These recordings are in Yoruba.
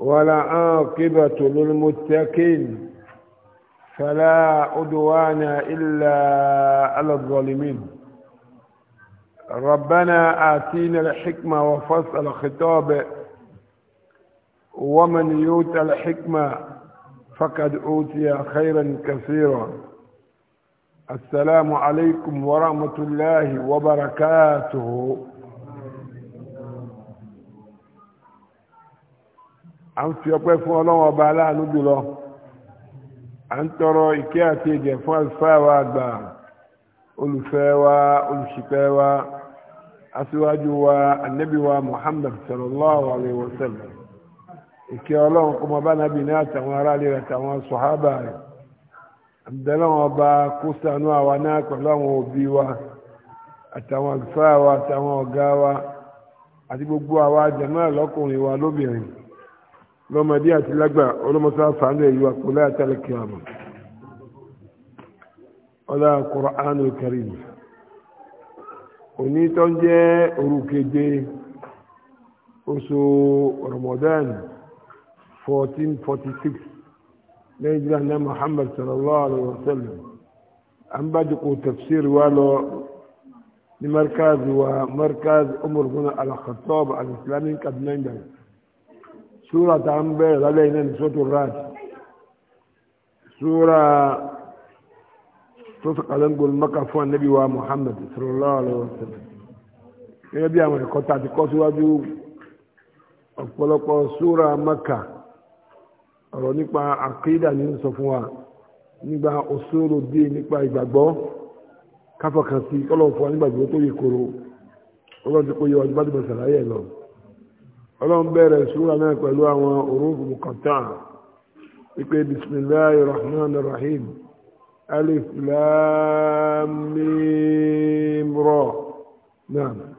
ولا عاقبة للمتقين فلا عدوان إلا على الظالمين ربنا آتينا الحكمة وفصل خطابه ومن يؤت الحكمة فقد أوتي خيرا كثيرا السلام عليكم ورحمة الله وبركاته à ń fi ọpẹ́ fún ọlọ́wọ́n ọba aláàánú jùlọ à ń tọrọ ìkẹ́ àti ìgẹ̀ fún àlùfáà wa àgbà olùfẹ́ wa olùṣìpẹ̀ wa aṣíwájú wa anabi wa muhammad sallallahu alayhi wa sallam ìkẹ́ ọlọ́run kọ́mọ bá nàbì ní àtàwọn aráàlú rẹ̀ àtàwọn sọ̀hábà rẹ̀ àbẹ̀lẹ́wọ̀n ọba kó ṣàánú àwa náà pẹ̀lú àwọn òbí wa àtàwọn àlùfáà àtàwọn ọ̀gá wa àti gbogbo àwa jẹ̀mọ́ ẹ̀ lọ́kùnrin wa lóbìnrin lọ́mọdé àti lágbà ọlọ́mọsá sàánú ẹ̀yọ́ àpòlá àtàlẹ̀ kìámù ọlá Qur'anul Karim òní tó ń jẹ́ òru oṣù Ramadan 1446 lẹ́yìn náà Muhammad sallallahu alaihi wa sallam an bá jẹ́ kó tafsir wa lọ ní markaz wa markaz Umar bin al-Khattab al-Islami kaduna sura ta ń bẹ̀rẹ̀ lálẹ́ iná ní sọ́tò rad sotu tó sọ̀kalẹ̀ wa Muhammad sallallahu alaihi a ti kọ́ síwájú ọ̀pọ̀lọpọ̀ súra mọ́kà ọ̀rọ̀ nípa àkídà ní sọ fún wa osoro òṣòro dé nípa ìgbàgbọ́ káfọ̀kan sí kọ́lọ̀ fún wa nígbàgbọ́ tó ti ọlọ́run bẹ̀rẹ̀ sùúrà náà pẹ̀lú àwọn òrùkù mùkọ̀tà wípé bisimilahi rahman rahim alif lam mim ra náà.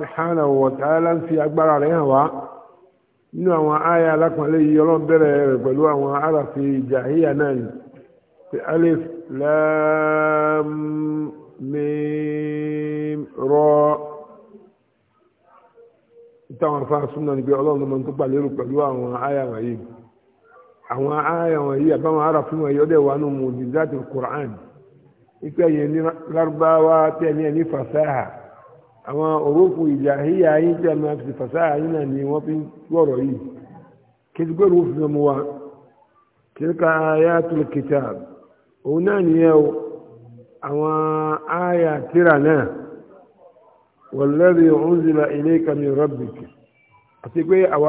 subhanahu wa ta'ala ń fi agbára rẹ̀ hàn wá nínú àwọn àyà alákùnrin yìí ọlọ́run bẹ̀rẹ̀ rẹ̀ pẹ̀lú àwọn aráfi jàhíyà náà ni pé alif lam mim ra ìtàwọn afáà súnmọ́ ni pé ọlọ́run lọ́mọ tó gbàlérò pẹ̀lú àwọn àyà wọ̀nyí àwọn àyà wọ̀nyí àbáwọn aráfi wọ̀nyí ọdẹ wà nù mùjìzátì Qur'an ìpè yẹn ní lárúbáwá tẹ̀ ní ẹ̀ àwọn òrófò ìjàhíyà yìí tí a máa fi fàṣáà yìí ni wọ́n fi wọ̀rọ̀ yìí kí ti fi mọ́ wa tilka ayatul kitab òun náà nìyẹn o àwọn àyà tíra náà walladhi unzila ilayka àti pé fún ẹ wọ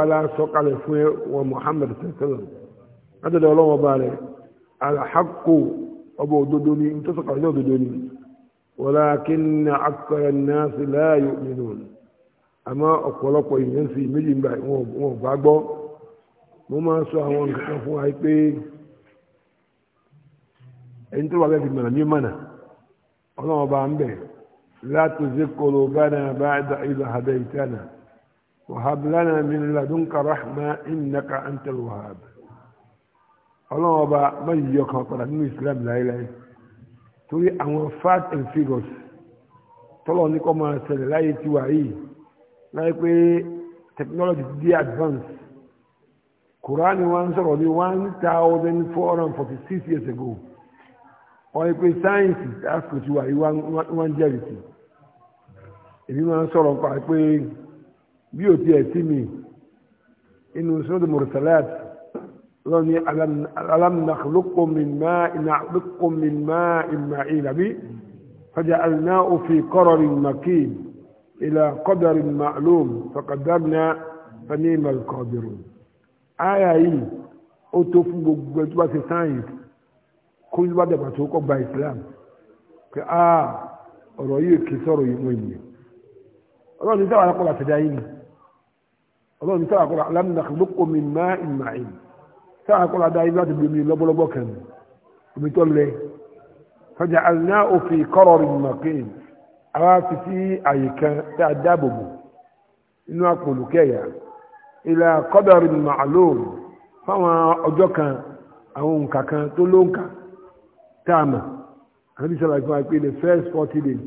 ọlọ́wọ́ rẹ̀ ọba òdodo ni tó ní òdodo ولكن أكثر الناس لا يؤمنون àmọ́ ọ̀pọ̀lọpọ̀ èèyàn sì méjì ń bá wọn ò bá gbọ́ mo máa ń sọ àwọn nǹkan fún wa pé ẹni tó wà bẹ́ẹ̀ fi mọ̀nà ní mọ̀nà ọlọ́run ọba ń bẹ̀ láti ṣe kóró bánà bá dá ìlú àdá ìtànà wàhábì lánà mi ladún kàrá torí àwọn facts and figures tọ́lọ̀ ní kọ́ máa ṣẹlẹ̀ láyé tí wà yìí láyé pé technology ti dé advance kùránì wọn sọ̀rọ̀ ní one thousand four hundred and forty six years ago wọ́n yẹ pé sáyẹ́nsì àsìkò tí wà yìí wọ́n ń jẹ́rìí sí èmi máa ń sọ̀rọ̀ nípa pé bí o tiẹ̀ sí mi inú sọ́dọ̀ mọ̀rọ̀sálàtì lọ́ni alámnàkùlùkùn min máa ìmáì làbí fàjà àlùná òfin kọ́rọ̀rì màkì ìlà kọ́dọ̀rì màlúùm fàkàdàbìnà fani malkọ́dọ̀rù. àyà yìí ó tó fún gbogbo ẹ̀ tó bá ti sáyẹ̀nsì kó ló bá dàgbà tó kọ́ gba islam pé a ọ̀rọ̀ yìí kì í sọ̀rọ̀ yìí wọ́n ènìyàn ọlọ́run ní sábà kọ́ra tẹ̀dá yìí ọlọ́run ní sábà kọ́ra alámnàkùlùkùn min máa ìmáì sáà kọ́lá dá ibi láti bomi lọ́bọ́lọ́bọ́ kan omi tó lẹ fọjá àná òfin kọ́rọ̀ rìn mọ̀kìn àwa fi sí àyè kan tá a dáàbò bò inú àpòlù kẹyà ilà kọ́dọ̀ rìn màálùm fáwọn ọjọ́ kan àwọn nǹka kan tó ló ń kà tá a mọ̀ àbí sábà fún wa the first forty days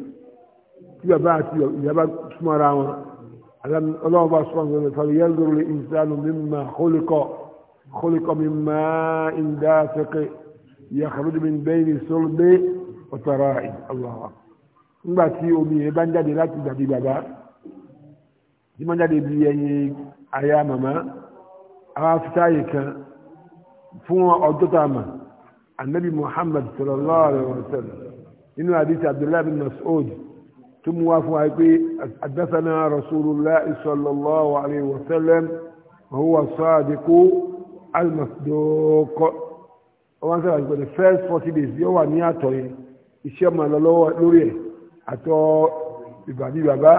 tí bàbá àti ìyá súnmọ́ ara wọn ọlọ́run bá súnmọ́ àwọn ọmọ ìfọ̀rọ̀ yẹn lórí ìsánú mímọ́ àkólíkọ́. خلق من ماء دافق يخرج من بين صلب وترائب الله أكبر nígbà tí omi yẹn bá ń jáde láti dàbí bàbá tí wọ́n jáde bí ẹyin aya màmá àwọn afitáyè kan fún ọjọ́ tá a mọ̀ anabi muhammad sallallahu alayhi wa sallam nínú àdìsí abdullahi bin mas'ud tó mú wá fún wa pé adásánà rasulullah sallallahu alayhi wa sallam wa huwa sadiqu almasdoko wọ́n sábà gbé the first forty days yóò wà ní àtọ̀ yẹn iṣẹ́ máa lọ lọ́wọ́ lórí ẹ̀ àtọ̀ ìbàdí bàbá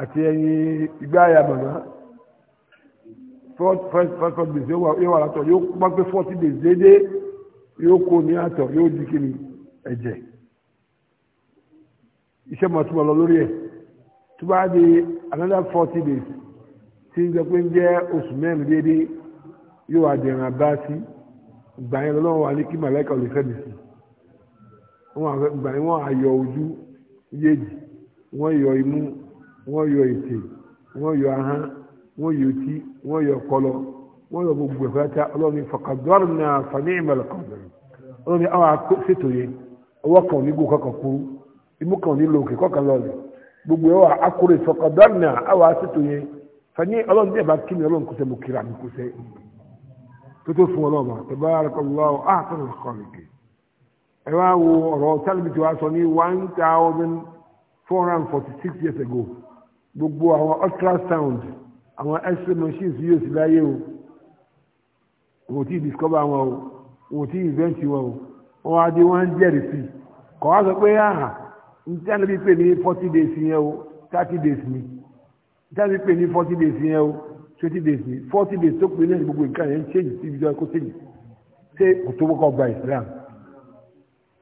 àti ẹyin ìgbáyà màmá first first first forty days yóò wà látọ̀ yóò wá pé forty days déédéé yóò kó ní àtọ̀ yóò di kiri ẹ̀jẹ̀ iṣẹ́ máa túbọ̀ lọ lórí ẹ̀ tó bá di another forty days tí ń jẹ́ pé ń jẹ́ oṣù mẹ́rin déédéé. yóò wá di ẹran bá sí ìgbà yẹn lọ́wọ́ wa ní kí màláìka ò lè fẹ́mi sí ìgbà yẹn wọ́n ayọ̀ ojú yéèjì wọ́n yọ imú wọ́n yọ ètè wọ́n yọ ahọ́n wọ́n yọ etí wọ́n yọ ọpọlọ wọ́n yọ gbogbo ẹ̀fọ́ ẹ̀ta ọlọ́run ní fọkàdọ́rù náà fani ìmọ̀lẹ̀ ọlọ́run ní àwọn akóṣètò yẹn ọwọ́ kan ní gbogbo kankan imú kan ní lòkè lọ́ọ̀lẹ̀ gbogbo àwọn akóṣètò tuntun fún ọlọ́ọ̀bà tabarakallahu ahsanul khaliqin ẹ wá wo ọ̀rọ̀ tálíbì tí wàá sọ ní one thousand four hundred and forty six years ago gbogbo àwọn ultrasound àwọn x-ray machines yóò sì láyé o wò tí discover wọn o wò tí invent wọn o wọn á di wọn jẹ́rìí sí kọ́ wá sọ pé àhà ntánibí pè ní forty days yẹn o thirty days ni ntánibí pè ní forty days yẹn o twenty days forty days tó pé lẹ́yìn gbogbo nǹkan yẹn ń ṣèjì sí ibi tó yẹ kó ṣèjì ṣé kò tó kọ́ gba islam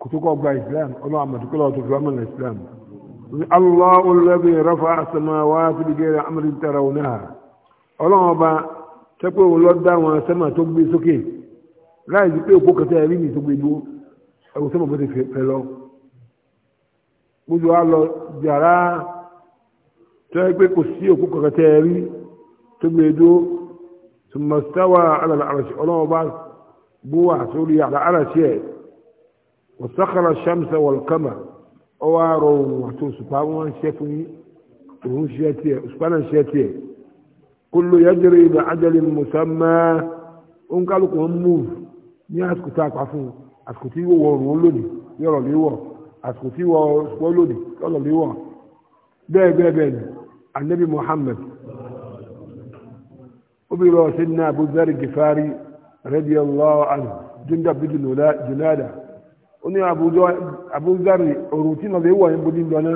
kò tó kọ́ gba islam ọlọ́run àmọ̀dúkọ́lá ọ̀tún fún amọ̀nà islam. الله الذي رفع السماوات بغير أمر ترونها ọlọ́run ọba tẹ́pẹ́ òun lọ dá wọn sẹ́mà tó gbé sókè láì sí pé òpó kẹta ẹ̀rí mi tó gbé dúró ẹ̀wọ̀n sẹ́mà bó ti fẹ́ lọ. gbogbo wa lọ yàrá tẹ́ pé kò sí òpó kẹta ẹ̀rí tó gbé dúró ثم استوى على العرش ọlọ́wọ́ bá búwà sórí àlà àràṣì ẹ̀ وسخر الشمس والقمر ọwọ́ àrò òun àti òṣùpá wọn ṣe fún yín òun ṣe tiẹ̀ òṣùpá náà ṣe tiẹ̀ kullu yajri ila ajalin musamma òun kálukú wọn move ní àsìkò tá a pa fún un àsìkò tí wọ́n wọ̀ọ̀rùn wọn lónìí yọ̀rọ̀ lé wọ̀ àsìkò tí wọ́n wọ́n lónìí yọ̀rọ̀ lé wọ̀ bẹ́ẹ̀ bẹ́ẹ̀ bẹ́ẹ̀ ni anabi muhammad obìnrin ọ̀sẹ̀ ní Abu Dharr Gifari radiyallahu anhu Jundub bin Julada ó ní Abu Dharr òrùn tí nàbẹ̀ wọ̀ yẹn bó ní lọ́nà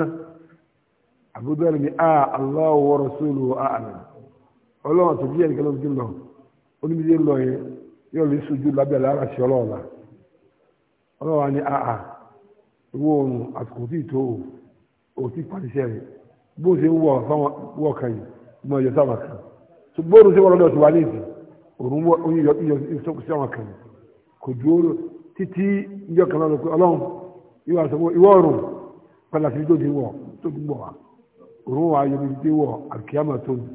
Abu Dharr ní a Allahu wa rasuluhu a'lam ọlọ́run àtòjú yẹn kẹlẹ́ ojú lọ onímìdí lọ yẹn yóò lè sojú lábẹ́ lára sí ọlọ́ọ̀la ọlọ́run wa ní a a ìwọ oòrùn àsìkò tí ì tó o ò tí ì pàṣẹ rẹ bó ṣe ń wọ fáwọn wọ kàn yìí mo yọ sáwọn kan ṣùgbọ́n òrùn sí wọn lọ́dọ̀ tó wà léèdì òrùn wọ oyún yọ sí àwọn kan kò ju oró títí ìjọ kan lọ́dọ̀ pé ọlọ́run ìwà sọ pé ìwọ òrùn padà sí tó ti wọ̀ tó ti gbọ̀ wá òrùn wa yọ ti wọ̀ àkíyàmà tó ní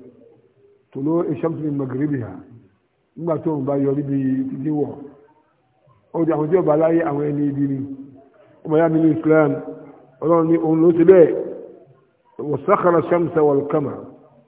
tòló ìṣàmùsùn ní magrebiya nígbà tó ń bá yọ níbi títí wọ̀ ó di àwọn tí ó bá láyé àwọn ẹni ibi ni ọmọ yá mi ní Islam ọlọ́run ní òun ló ti bẹ́ẹ̀ wọ́n sàkàrà ṣàmùsà wal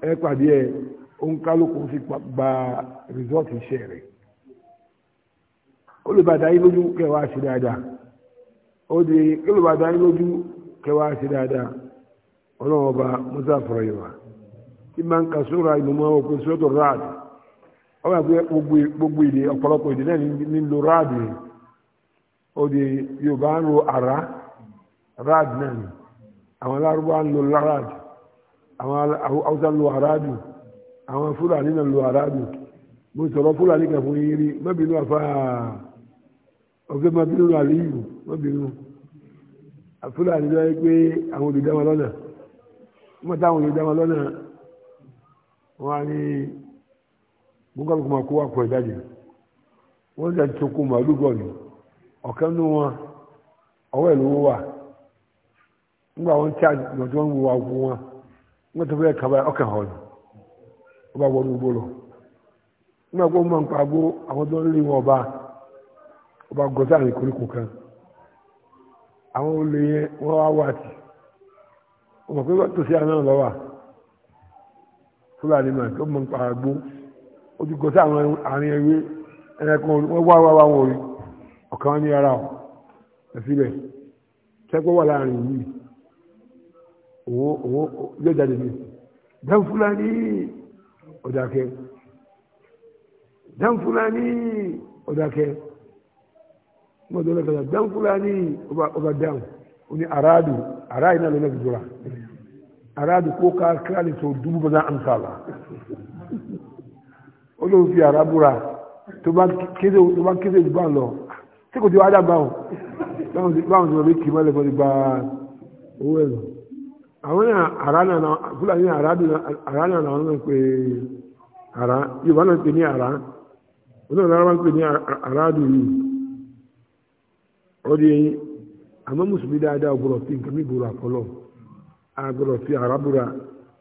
ẹ pàdé ẹ òǹkálùkù sì gba rìsọ́ọ̀tì iṣẹ́ rẹ̀ olùbàdà yín lójú kẹwàá ṣe dáadáa ó di olùbàdà yín lójú kẹwàá ṣe dáadáa ọlọ́wọ́ bá musa fọ̀rọ̀ yìí wá tí máa ń ka sóra ìmọ̀mọ́ òkú sọ́tò ráàd ọba pé gbogbo èdè ọ̀pọ̀lọpọ̀ èdè náà nílò ráàd yìí ó di yorùbá ń lo àrá ráàd náà ni àwọn alárúbá ń lo ráàd àwọn haúsá lu aráàdù àwọn fúlàní náà lu aráàdù mo sọ̀rọ̀ fúlàní kan fún yín rí mọ́bìnú àfa ọ̀gẹ́ mọ́bìnú àlíyù mọ́bìnú fúlàní lọ́wọ́ pé àwọn olùdámọ́ lọ́nà mọ́ táwọn olùdámọ́ lọ́nà wọ́n á ní gbọ́ngàlùkù máa kó wà pọ̀ ìdájì wọ́n dẹ̀ tó kó màálù bọ̀ ni ọ̀kan nú wọn ọwọ́ ìlú wà nígbà wọn tí àjọ tí wọ́n ń wo àwọn wọn wọ́n ti fẹ́ kaba ọkàn hàn ó bá wọnú gbó lọ nígbà tó mọ̀ nípa gbó àwọn tó ń lé wọn ọba ọba gọ́tà ní koríko kan àwọn olè yẹn wọ́n wá wà tì ọmọ pé wọ́n tòsí àná lọ́wọ́ fúlàní mà tó mọ̀ nípa gbó ó ti gọ́tà àwọn àárín ewé ẹnìkan wọ́n wá wá wọn rí ọ̀kan ní ara ọ̀ síbẹ̀ tẹ́gbọ́ wà láàrin yìí owó owó yóò jáde ní dan fulani ọ̀dàkẹ́ dan fulani ọ̀dàkẹ́ wọ́n tó lọ́kọ̀ọ́ dan fulani ọba dáhùn ó ní aráàdù aráàdù náà lọ́nà ìjọra aráàdù kó ká kíra lè tó dúró bọ́dá àmsà wa ó lóun fi arábúra tó bá kéde tó bá kéde ìgbà lọ tí kò tí wàá dá báwọn báwọn ti báwọn ti bá mi kì í mọ́lẹ̀ fún ìgbà owó ẹ̀rọ àwọn yẹn ara náà na fúlàní ara náà na wọn náà pé ara yorùbá náà pè ní ara wọn náà lára wọn pè ní ara dùnú ó di àmọ́ mùsùlùmí dáadáa ọ̀gbọ̀rọ̀ fi nǹkan mi bòrò àfọlọ́ àgbọ̀rọ̀ fi ara bòrò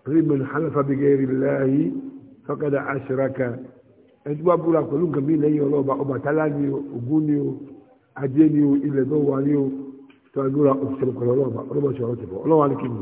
rímìn hanafa bi gẹ́rì láàyè fọ́kàdà àṣíraka ẹjú bá búra pẹ̀lú nǹkan mi lẹ́yìn ọlọ́ọ̀bá Ọbàtálá ni o Ògún ni o ajé ni o ilẹ̀ tó wà ni o tó àdúrà òṣèlú pẹ̀lú ọlọ́ọ̀bá ọlọ́ọ̀bá ṣọ̀rọ̀ tẹ̀bọ̀ ọlọ́wà ni kí ni.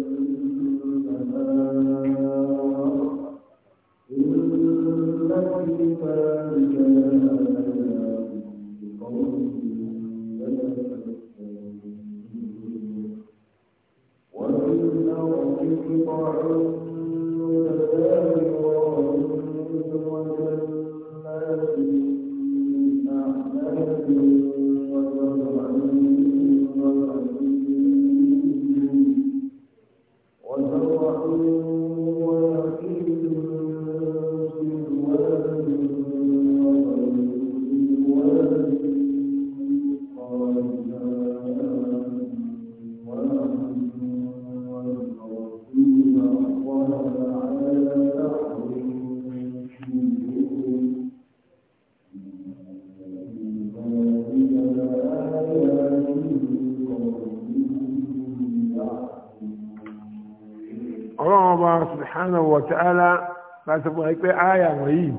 sọ fún wa pé àyà wọ̀nyí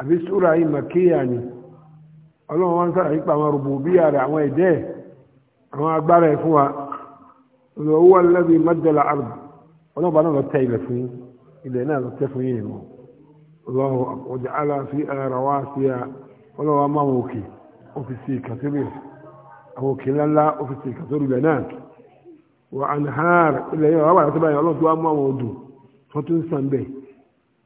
àbí súra yìí màkíyà ni ọlọ́run wọn sára nípa àwọn rububiyya rẹ̀ àwọn ẹ̀dẹ́ àwọn agbára ẹ̀ fún wa lọ́wọ́ wọn lẹ́bi mọ́jọ́lá àrùn ọlọ́run bá náà lọ tẹ ilẹ̀ fún ilẹ̀ náà lọ tẹ fún yìí nìmọ̀ ọlọ́run ọjà aláfi ara wá sí a ọlọ́run wa máa wọn òkè ọ́fíìsì kàtórí àwọn òkè ńláńlá ọ́fíìsì kàtórí ilẹ̀ náà wà á ilẹ̀ yẹn wà wà láti báyìí ọlọ́run tó wá mú àwọn odò tó tún sàn bẹ́ẹ̀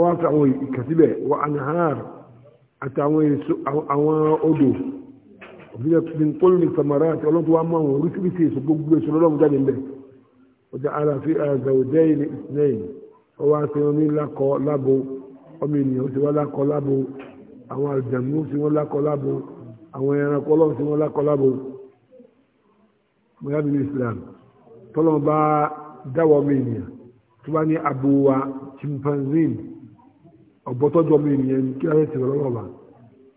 wọ́n fi àwọn ìkàsíbẹ̀ wọ anahar àtàwọn odò òfin ẹ̀kùn kólú ní samara àti ọlọ́run tó wá mọ́ àwọn oríṣiríṣi èso gbogbo èso lọ́lọ́run jáde ń bẹ̀ ọjà ara fi àzàwòdẹ́yìn ní ìsinẹ́yìn ó wá ní lákọ lábo ọmọ ènìyàn ó sì wá lábo àwọn àjàmú sí wọn lákọ lábo àwọn ẹranko ọlọ́run sí wọn lákọ lábo mọ̀yábí ní Islam tọ́lọ́ bá dáwọ́ ọmọ ènìyàn tó bá ní abo chimpanzee ọ̀bọ̀tọ́jọ́ mi nìyẹn kí ẹ ti rọlọ́wọ́ bá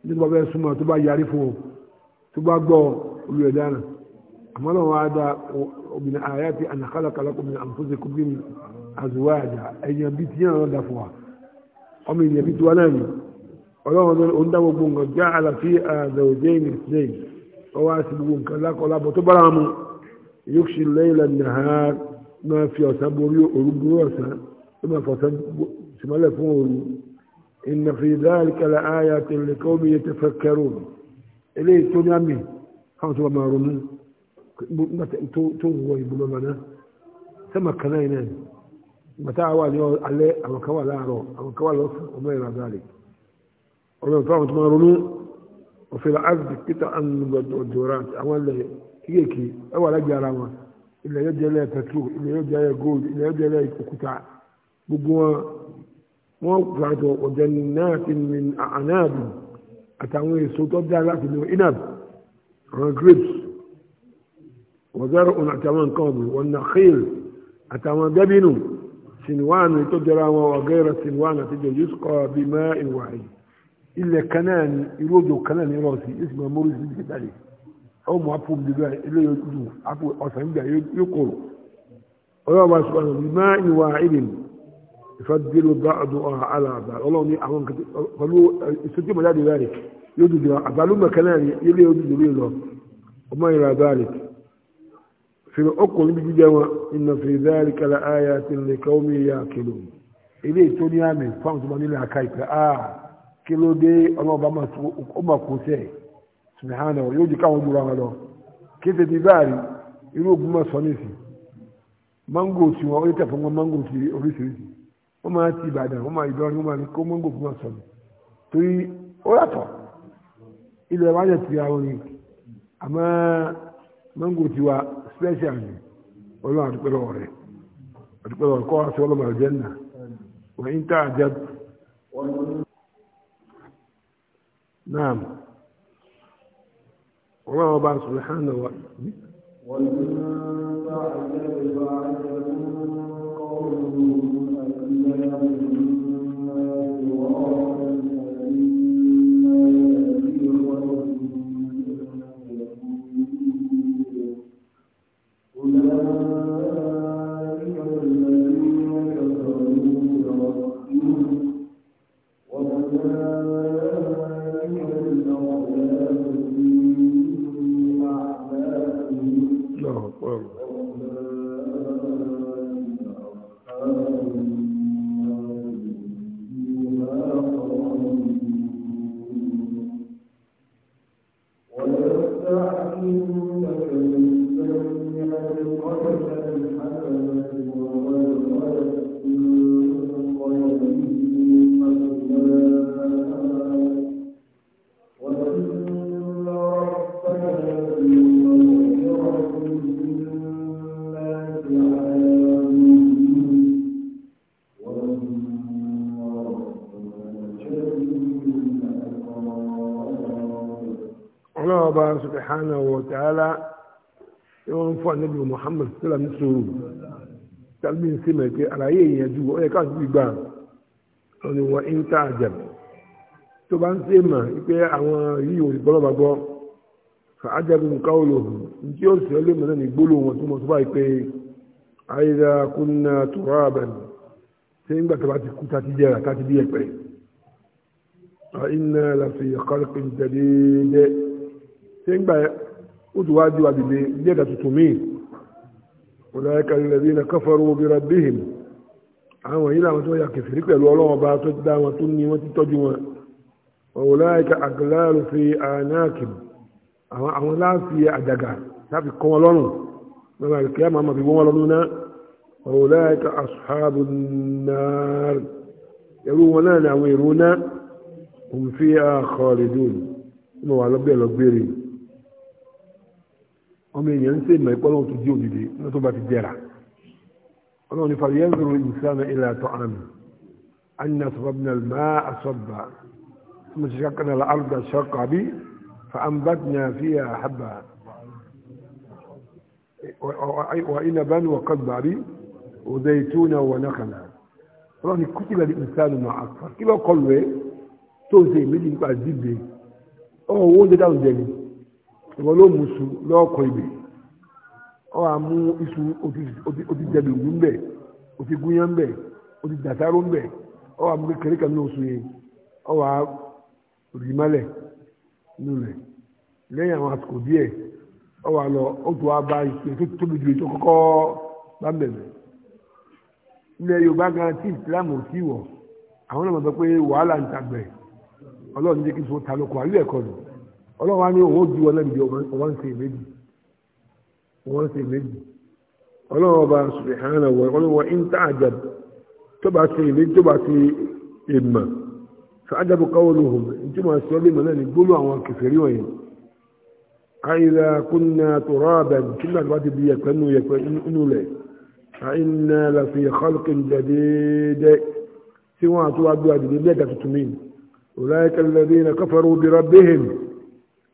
nígbà bẹ́ẹ̀ súnmọ́ tó bá yarí fún ọ tó bá gbọ́ olú ẹ̀ dáná àmọ́ náà wàá da obìnrin àyà ti ànàkálàkálà kò mìíràn àmọ́tòsí kò mìíràn àzùwá àjà ẹ̀yàn bíi tiẹ̀ náà dà fún wa ọmọ ènìyàn bíi tiwa náà ni ọlọ́run náà ń dá gbogbo nǹkan já àlàfi àzẹ̀wòjẹ́ ìnìsílẹ̀ ọwọ́ àti gbogbo nǹkan lákọlábọ̀ tó bára mu yóò ṣe lẹ́yìn lẹ́yìn náà fi ọ̀sán borí òru ọ̀sán tó máa fọ̀sán sùmọ́lẹ̀ fún òru إن في ذلك لآيات لقوم يتفكرون إليه تنامي خمس وما رمو توهو يبلو لنا ثم كناينا متاع والي عليه أما كوا لا أرو أما كوا لا وما إلى ذلك ومن فهمت ما رمو وفي العرض قطع الدورات أولا كيكي أولا جاراما إلا يجي لها تتلو إلا يجي لها جولد إلا يجي لها كتع بقوا wọ́n gbàjọ ọ̀jẹ̀ náà ti ní ànáàbì àtàwọn èso tó dá láti ní inab àwọn grapes wọ́zẹ́rọ̀ ọ̀nà àtàwọn nǹkan ọ̀gbìn wọn na khil àtàwọn dẹ́bìnù sinuwaanu tó jẹra wọn ọ̀gẹ́rẹ̀ sinuwaanu àti jẹ yusuf kọ́ bí mẹ́ ilẹ̀ kanáà ni irú òjò kanáà ni rọ̀ọ̀sì yìí sì máa mórí sí ibi kíkà yìí ilé yóò dùn apò ọ̀sán gbà yóò kóró ọlọ́wọ́ bá sọ̀rọ̀ bí mẹ́ ìwà ìdìbò ìfẹ́dìlú bá àdó ọ̀hà aláàbà ọlọ́run ní àwọn pẹ̀lú ìṣojú mọ̀jáde rẹ̀ yóò dùdù lọ àgbàlúmọ̀ kẹ́lẹ́ rẹ̀ yóò lé dùdù lé lọ ọmọ ìrà báàlì fìrì ọkùnrin bí jíjẹ wọn iná fìrì dáàrí kala ayé àti ilẹ̀ kọ́mí ya kìlò ilé ìtò ní àmì fáwọn tó bá nílẹ̀ àká ìpẹ́ a kí ló dé ọlọ́ọ̀bá máa kó sẹ́ sùnìhánà yóò di káwọn jura wọn lọ kí ṣe ti báàrí irú ògùn mọ̀ sọ nísì mángò tí wọn ó tẹ̀ fún wọn mángò tí oríṣiríṣi wọ́n máa ti ìbàdàn wọ́n máa ìdọ́rin wọ́n máa ní kó mọ́ngò fún ọ̀sán mi torí ó yàtọ̀ ilẹ̀ wa yẹ ti àwọn yìí àmọ́ mọ́ngò tiwa special ni ọlọ́run àdúpẹ́ lọ́wọ́ rẹ̀ àdúpẹ́ lọ́wọ́ kọ́ aṣọ ọlọ́mọ àjẹ́ nà wọ́n ń tà àjẹ́ náà ọlọ́run ọba sùlẹ̀ hàn náà wà. wọ́n ti ń bá àjẹ́ ìbá àjẹ́ subhanahu wa ta'ala wọ́n ń fọ́ ànábì muhammad sallam ní sòrò tàbí ní sèmẹ̀ pé àlàyé èèyàn ju ọ̀yẹ́ káàtó gbígbà wọn ni wọ́n ń tà àjẹ́ tó bá ń sèmà pé àwọn yìí ò gbọ́dọ̀ bá gbọ́ fa ajabu qawluhum nti o se le mo ni gbolo wọn tó mo so báyìí pé aida kunna turaban se ngba ta ba ti kuta ti jera ta ti di epe inna la fi khalqin jadid ṣé ń gbà ó ti wá ju àdìdè bí ẹ̀dà tuntun míì ọ̀làyẹ̀kà lẹ́bí iná káfọ́rọ́ obì rabbihim àwọn yìí làwọn tó yà kẹfìrí pẹ̀lú ọlọ́wọ́n bá tó dá wọn tó ní wọn ti tọ́jú wọn ọ̀làyẹ̀kà àgàlárò fi àánáàkìm àwọn àwọn láàfi àjàgà láti kọ́ wọn lọ́rùn lọ́wọ́ àlùkẹ́ àmọ́ fi wọ́n wọn lọ́nu náà ọ̀làyẹ̀kà àṣàbù náà ọmọ èèyàn ń sè mọ̀ ẹ̀kọ́ lọ́wọ́ tó di òdìdí ní tó bá ti jẹ́ra ọlọ́run ní fàlẹ́ yẹn zoro ìsìlámù ilẹ̀ àtọ́ àmì anna sọ́bàbìnà máa àsọ́bà mo ṣe ṣàkànnà àlùdà ṣọ́kà bí fa àmbàtìnà fìyà àbà wa ina bá ní wọ́kọ́ gbà bí òde ìtúnà wọ̀ náà kàná ọlọ́run ní kúkìlà ní ìsìlámù máa àkọ́ kí lọ́kọ̀ lóye tó ń ṣe ìmẹ́jì nípa dídé ọmọ owó ń jẹ́ dáhùn jẹ́ ìwọ Musu, mú iṣu lọ́ọ̀kọ̀ ìbè ọ wà mú iṣu òtí jẹ̀dùgún ń bẹ̀ òtí gúnyán ń bẹ̀ òtí dàtáró ń bẹ̀ ọ wà mú kékeré kan ní oṣù yẹn ọ wà rí mọ́lẹ̀ nílẹ̀ lẹ́yìn àwọn àsìkò díẹ̀ ọ wà lọ ó tó wá bá iṣu tó tóbi ju ètò kọ́kọ́ bá ń bẹ̀rẹ̀ Yorùbá gan tí Islam ò tí wọ̀ àwọn náà mọ̀ pé wàhálà ń tàgbẹ̀ Ọlọ́run jẹ́ kí n so ta lóko àlú ẹ̀kọ́ lò ọlọ́run wa ní òun ó ju ọlẹ́bi bí ọmọ ń ṣe méjì ọmọ ń ṣe méjì ọlọ́run ọba subhanahu wa ọlọ́run wa ń tà àjàb tó bá ṣe méjì tó bá ṣe èèmọ̀ fàájàbù qawluhum tí wọ́n sọ lé mọ́lẹ́ ní gbólú àwọn kẹfẹ́rí wọ̀nyẹn àìlà kunna turaban kí náà bá ti di yẹpẹ nù yẹpẹ nù lẹ̀ àìnà lafi khalqin jadid tí wọ́n àtúwádùn àdìdì lẹ́ẹ̀ka tuntun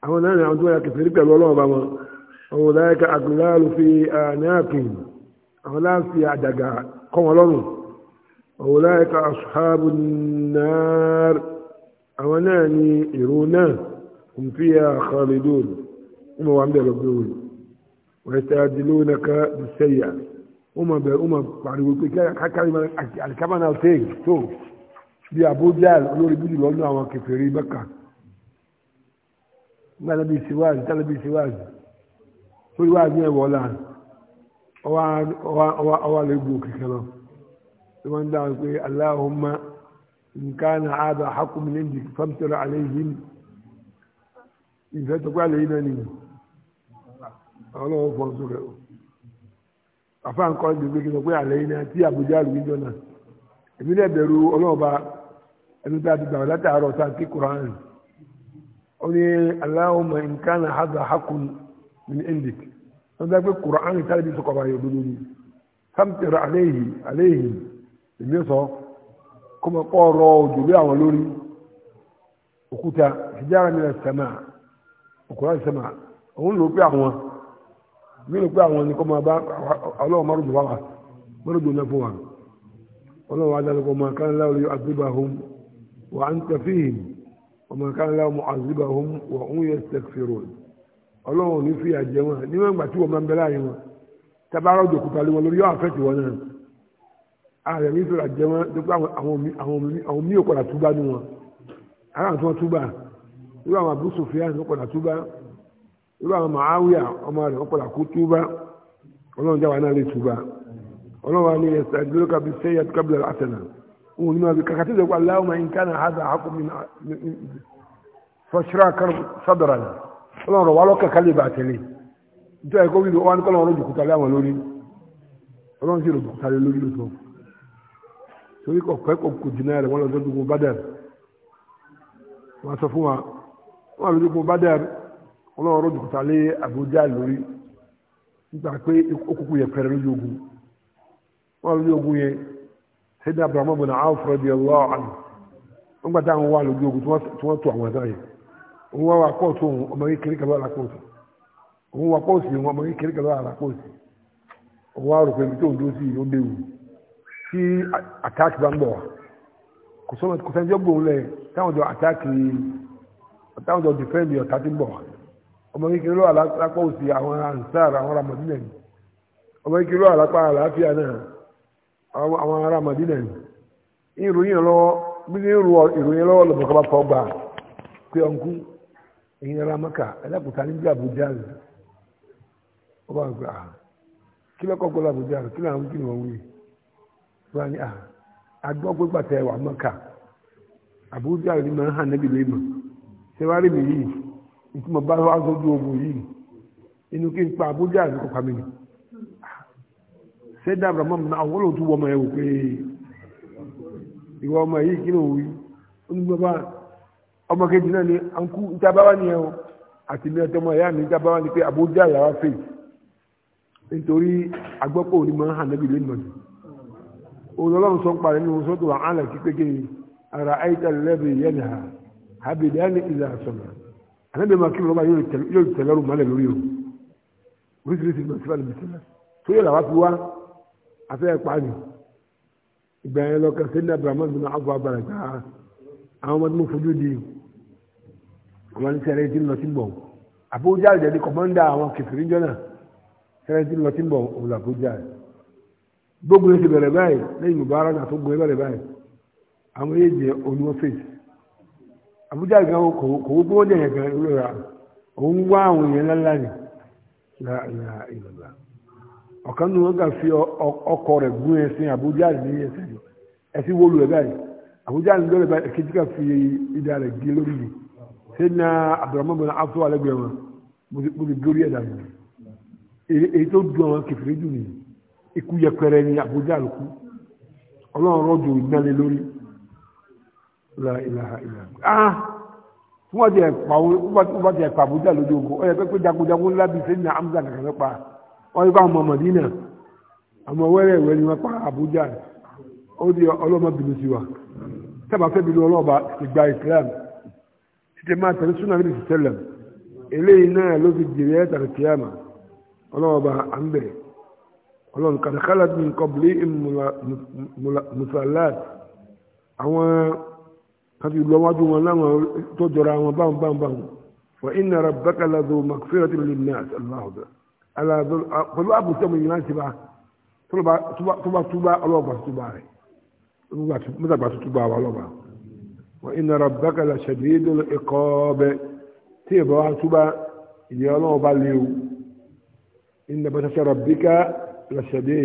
àwọn náà ni àwọn tó yà kẹfẹ́ rí pẹ̀lú ọlọ́run bá wọn àwọn ọ̀dáyẹ̀kẹ́ àgbéláàlú fi àníàkìn àwọn láàfi àdàgà kọ́ wọn lọ́rùn àwọn ọ̀dáyẹ̀kẹ́ asuhabu náà àwọn náà ni èrò náà ń fi àkàlẹ́dọ́n wọ́n mọ̀ wá ń bẹ̀ lọ́gbẹ́ wọn wọ́n ṣe àdìlónàkà ṣẹ́yà wọ́n mọ̀ bẹ̀rẹ̀ wọ́n mọ̀ pariwo pé káàkiri alikama náà fẹ́ẹ̀ tó bí abúlé tálẹ́bí sí wáàzì tálẹ́bí sí wáàzì torí wáàzì yẹn wọ̀ láà ọwá lè gbò kìkẹ́ lọ tí wọ́n dá wọn pé aláhùnmá nǹkan àádọ́ àkùnmí ní ìdí fọ́mtẹ́rọ àlẹ́yìn o n ti oní Allahumma in kana hadha haqqun min indik wọ́n dá pé kùrán tàbí sọ́kọ̀bà yóò dúdú ní samtira aléhì aléhì èmi sọ kó mọ̀ pọ̀ rọ òjò lé àwọn lórí òkúta hijara min as-sama òkúta sẹ́mà òun ló pé àwọn mi ló pé àwọn ni kó máa bá ọlọ́wọ́ márùndùn wà márùndùn náà fún wa ọlọ́wọ́ adálùkọ́ máa kán láwùrí àgbébà hum wa anta fihim ومن كان لا معذبهم وهم يستغفرون ọlọ́run ní fi àjẹ wọn níwọ̀n ìgbà tí wọ́n máa ń bẹ láàyè wọn tabarọ́ òjò kúta lé wọn lórí yóò àfẹ́tì wọn náà ààrẹ ní fi àjẹ wọn tó pé àwọn míì ò padà túbá ní wọn ara àwọn tí wọ́n irú àwọn Abu Sufyan ó padà túbá irú àwọn Muawiya ọmọ rẹ̀ ó padà kú túbá ọlọ́run jáwa náà lè túbá ọlọ́run wa ní ẹ̀sán ìdílé kábí sẹ́yà kábílẹ̀ àtẹnà òun ni máa bí kàkàtí ìdọ̀gbà aláwọ̀mọ̀ nǹkan náà hádà àkùnmí fọ́ṣírà kan sọ́dọ̀rà ní ọlọ́run rọ̀ wá lọ́kàn kálí ìbà tẹ̀lé nítorí ẹ̀kọ́ wíwọ́ wá ní kọ́lọ́run rọ̀ jùkúta lé àwọn lórí ọlọ́run sì rọ̀ jùkúta lé lórí lóṣọ torí kọ̀ pẹ́ kò kò jìnnà rẹ̀ wọ́n lọ sọ́dún kó bádàr wọ́n sọ fún wa wọ́n lọ sọ́dún kó bádàr ọlọ́run rọ̀ jùkúta lé àbújá lórí nígbà pé okùnkùn yẹn pẹ̀rẹ̀ lójú ogun wọ́n lójú ogun yẹn sẹ́dá abrahamu bin Awf radiyallahu anhu wọ́n gbàdá àwọn wà lójú ogun tí wọ́n tó àwọn ẹ̀dá yìí òun wá wà kóòtù òun ọmọ yìí kiri kaba àlàkóòtù òun wà kóòtù òun ọmọ yìí kiri kaba àlàkóòtù òun wá rò pé ibi tó ń dúró sí yìí ó léwu tí àtàkì bá ń bọ̀ wá kò sọ́nà kò sẹ́ni lẹ̀ táwọn jọ àtàkì táwọn jọ dìfẹ́ǹdì ọ̀tá ti ń bọ̀ wá ọmọ yìí kiri lọ́wọ́ àlàkóòtù àwọn ansar àwọn ramadina ọmọ yìí kiri lọ́wọ́ àlàkóòtù àlàáfíà náà àwọn ará Madina ni ìròyìn lọ́wọ́ bí ní ru ìròyìn lọ́wọ́ lọ́mọ kọ́ bá fọ́ gbà pé ọ̀nkú ẹ̀yin ará Maka ẹlẹ́kùnta níbi Àbújá rẹ̀ ó bá gbà á ah, kí lọ́kọ̀ gbọ́ Àbújá rẹ̀ kí làwọn kìnìún wí wọ́n ní àgbọ̀ ah, pé pàtẹ́ wà Maka Àbújá rẹ̀ ni màá hàn níbi lè mọ̀ ṣé wàá rí mi yìí ìtumọ̀ bá wàá sọ́jú ogun yìí inú kí n pa Àbújá rẹ̀ kọ́ pa sẹ́dá abrahamu náà àwọn olóòtú wọ́n máa wò pé ìwọ ọmọ yìí kí ló wí ó ní bàbá ọmọ kejì náà ni àǹkú níta bá wà nìyẹn o àti ní ọtọ ọmọ ìyá mi níta bá wà pé àbójá ìyá fè nítorí agbọ́pọ̀ òní máa ń hàn níbi sọ ń wà ara lẹ́bi àbèdè ní àlẹ́bẹ̀ máa kí lọ́ba yóò mọ́lẹ̀ lórí o oríṣiríṣi ìgbà afẹ́ ẹ̀pá ni ìgbà yẹn lọ́kàn sí ní abdulhamid bin abu àwọn ọmọdé mo fojú di àwọn sẹ́rẹ́ tí lọ sí bọ̀ kọ̀mọ́ndà àwọn kẹfìrí jọ́nà lọ sí bẹ̀rẹ̀ báyìí lẹ́yìn báyìí àwọn yéé àbújá kò wọ́n jẹ̀yẹ̀ gan ìlú òun wá àwọn ni ọ̀kan nínú wọn kà fi ọkọ rẹ̀ gún ẹṣin àbújá ní ẹsẹ̀ rẹ̀ ẹṣin wọlú ẹ̀ báyìí àbújá ní lọ́rẹ̀ báyìí kejì kà fi ìdá rẹ̀ gé lórí mi ṣé na abdulhamid bin abdul alẹ́gbẹ̀ẹ́ wọn mo ti dórí ẹ̀dá mi èyí tó dùn àwọn kẹfìrí jù nìyí ikú yẹpẹrẹ ni àbújá ló kú ọlọ́run rọ́jò ìnáni lórí la ilaha illa ah wọ́n ti ẹ̀ pa àbújá lójú ogun ọ̀yẹ́ pé jagunjagun ńlá bíi sẹ́yìn náà amúdá kàkàfẹ́ pa wọ́n yí kó àwọn ọmọ Mọ̀dínà àmọ́ wẹ́rẹ́ ìwé ni wọ́n pa Àbújá ó di ọlọ́mọ bìnú sí wa sábà fẹ́ bìnú ọlọ́ọ̀bà ìgbà Islam títí máa tẹ̀lé súnà níbi ìsẹ̀lẹ̀ eléyìí náà ló fi jèrè ẹ̀ tàbí kíyàmà ọlọ́ọ̀bà à ń bẹ̀rẹ̀ ọlọ́run kàdàkàlà ní kọ̀bùlé musalat àwọn àti ìlọ́wájú wọn láwọn tó jọra wọn báwọn báwọn báwọn wà ìnara bákàlà zo makfirati lè ní àti aláhùdà pẹ̀lú àbùsọ̀ mi yìnyín láti bá túbà túbà ọlọ́ọ̀gbà túbà rẹ̀ mọ́tàgbà túbà wà lọ́ba wọ́n iná rà bákàlà ṣẹ̀dídó ikọ̀ ọbẹ̀ tí ìbá wa túbà ìyẹn ọlọ́ọ̀bá léwu iná bá ṣẹṣẹ rà bíkà rà ṣẹ̀dí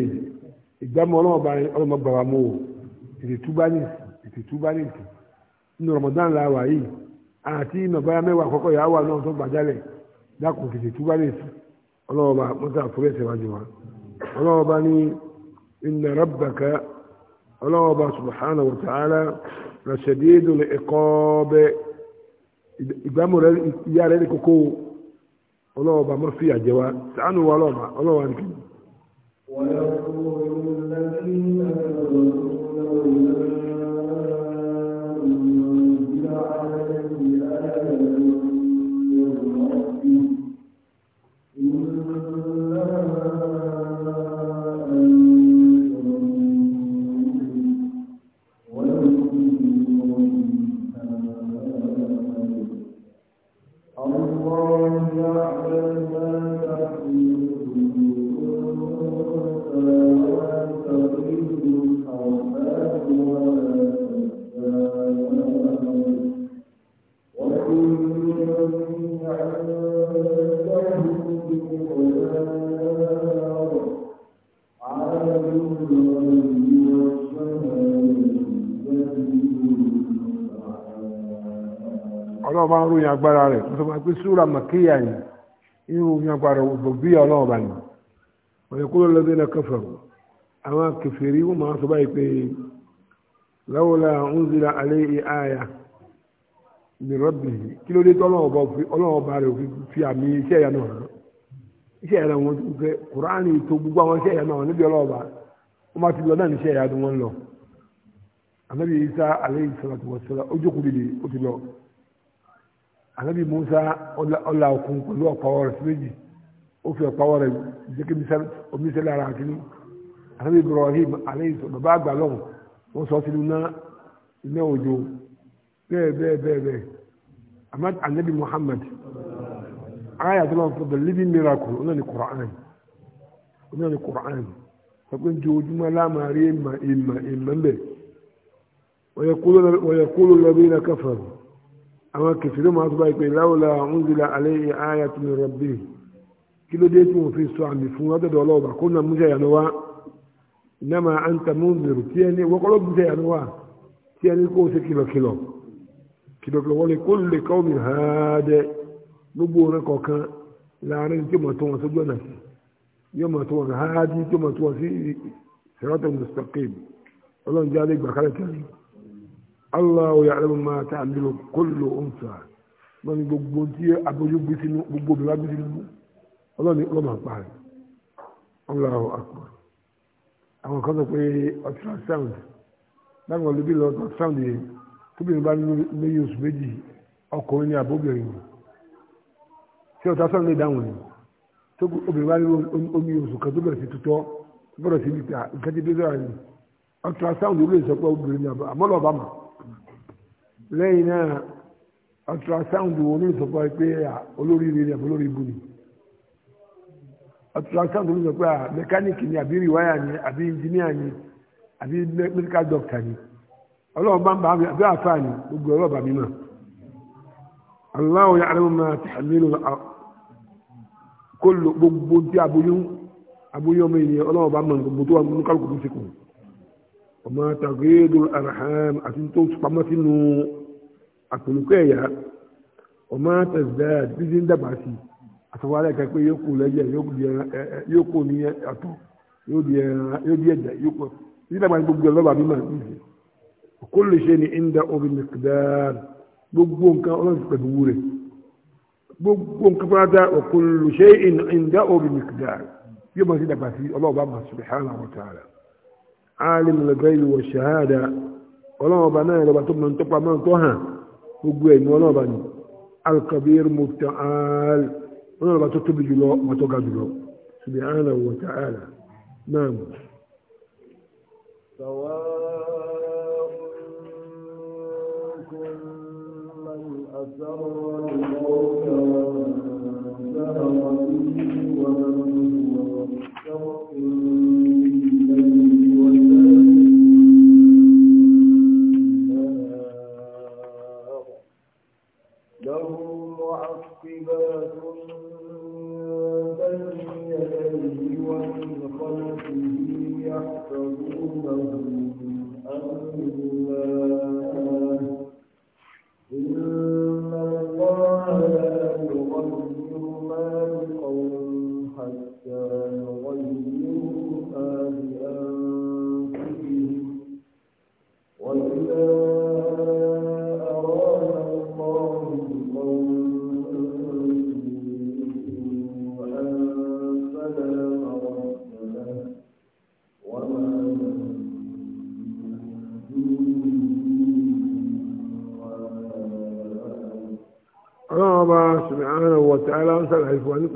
ìgbàmọ̀ ọlọ́ọ̀bá ọlọ́mọ bàbá mọ́ o ètè túbà ní ètè túbà ní ètè nínú Ramadan la yìí àti ìmọ̀ báyà mẹ́wàá àkọ́kọ́ yà ọlọ́ọ̀bá mọ́tà àfúrẹ́sẹ̀ wájú wa ọlọ́ọ̀bá ní inna rabbaka ọlọ́ọ̀bá subhanahu wa ta'ala rashadidu li iqabe ìgbàmù rẹ ìyá rẹ ní kókó ọlọ́ọ̀bá mọ́ àjẹwà sànù wa ọlọ́ọ̀bá ọlọ́ọ̀bá nìkan. wọ́n yọ súra màkìyà yìí inú nípa rògbòbí ọlọ́ọ̀bà ni wọ́n yẹ kúrò lọ́dún náà kẹfẹ̀rù àwọn ụmụ wọn máa sọ báyìí pé lawla unzila alayhi aya min rabbih kí ló dé tó ọlọ́ọ̀bà rẹ̀ fi àmì iṣẹ́ ìyanu hàn iṣẹ́ ìyanu wọn fẹ́ wọn níbi ọlọ́ọ̀bà ti Isa alayhi salatu ti anabi musa ọlà òkun pẹ̀lú ọ̀páwọ́ rẹ̀ sí méjì ó fi ọ̀páwọ́ rẹ̀ jẹ́kẹ́ omisẹ́lẹ̀ ara kìíní anabi ibrahim aleyhi bàbá àgbà lọ́hùn wọ́n sọ sínú ná iná òjò bẹ́ẹ̀ bẹ́ẹ̀ bẹ́ẹ̀ bẹ́ẹ̀ ahmad anabi muhammad aya tó lọ́n fún the living miracle ọ̀nà ni quran ọ̀nà ni quran sọ́kùn jòjúmọ́ lámàrí ìmọ̀ ìmọ̀ ìmọ̀ ń bẹ̀ wọ́n yẹ kúló lọ́bí náà kẹfà rẹ̀ àwọn kẹfìrí máa tó báyìí pé láwùlà unzila alayhi ayatun min rabbih kí ló dé tí wọ́n fi sọ àmì fún lọ́dọ̀dọ̀ ọlọ́ọ̀bà kó nà múṣẹ́ ìyànà wa innama anta munzir tí ẹni wọ́kọ́lọ́ múṣẹ́ ìyànà wa tí ẹni kó ṣe kìlọ̀kìlọ̀ kìlọ̀kìlọ̀ wọ́n lè kó lè kọ́ mi hàádẹ́ gbogbo orin kọ̀ọ̀kan láàrin tí mo tó wọn sójú ọ̀nà sí yóò mọ̀ tó wọn hàádí tí mo tó wọn sí Allahu ya'lamu ma ta'milu kullu unsa wọ́n ní gbogbo tí aboyún gbé sínú gbogbo obìnrin wá gbé sínú ọlọ́ni ọlọ́mọ àpárí Allahu akbar àwọn kan sọ pé ultrasound láwọn olùbí lọ ultrasound yẹn tóbìnrin bá lóyún oṣù méjì ọkùnrin ní abóbìnrin tí ultrasound lè dáhùn ni tó obìnrin bá ní omi oṣù kan tó bẹ̀rẹ̀ sí tutọ́ tó bẹ̀rẹ̀ sí níta nǹkan tí bí sọ̀rọ̀ ni ultrasound ló lè sọ pé obìnrin ní àmọ́ lọ́ọ̀ bá mọ̀. lẹ́yìn náà ultrasound wo ní ìsọ̀pọ̀ pé olórí rere àbí olórí ibu ni ultrasound ló sọ pé mẹkáníìkì ni àbí rìwáyà ni àbí ẹnjìníà ni àbí medical doctor ni ọlọ́run bá ń bá àbí ni gbogbo bá mi mọ̀ aláwọ̀ gbogbo aboyún aboyún ọmọ ènìyàn bá mọ̀ gbogbo tó wà nínú kálukú tó àpèlùkọ ẹ̀yà ọmọ tẹ̀síbẹ́rẹ́ àti títí ń ka sí yoko alẹ́ ya pé yóò kú lẹ́jẹ̀ yóò kú ní gbogbo ọlọ́wà mímọ́ níbi kó gbogbo nǹkan ọlọ́run inda omi mẹkìdáàr yóò subhanahu wa ta'ala alim al wa shahada tó hàn gbogbo ẹ̀mí ọlọ́ọ̀bá ni alkabir muftaal ọlọ́ọ̀bá tó tóbi jùlọ wọ́n tó ga jùlọ subhanahu wa ta'ala náà mú. سواء من أسر يغفر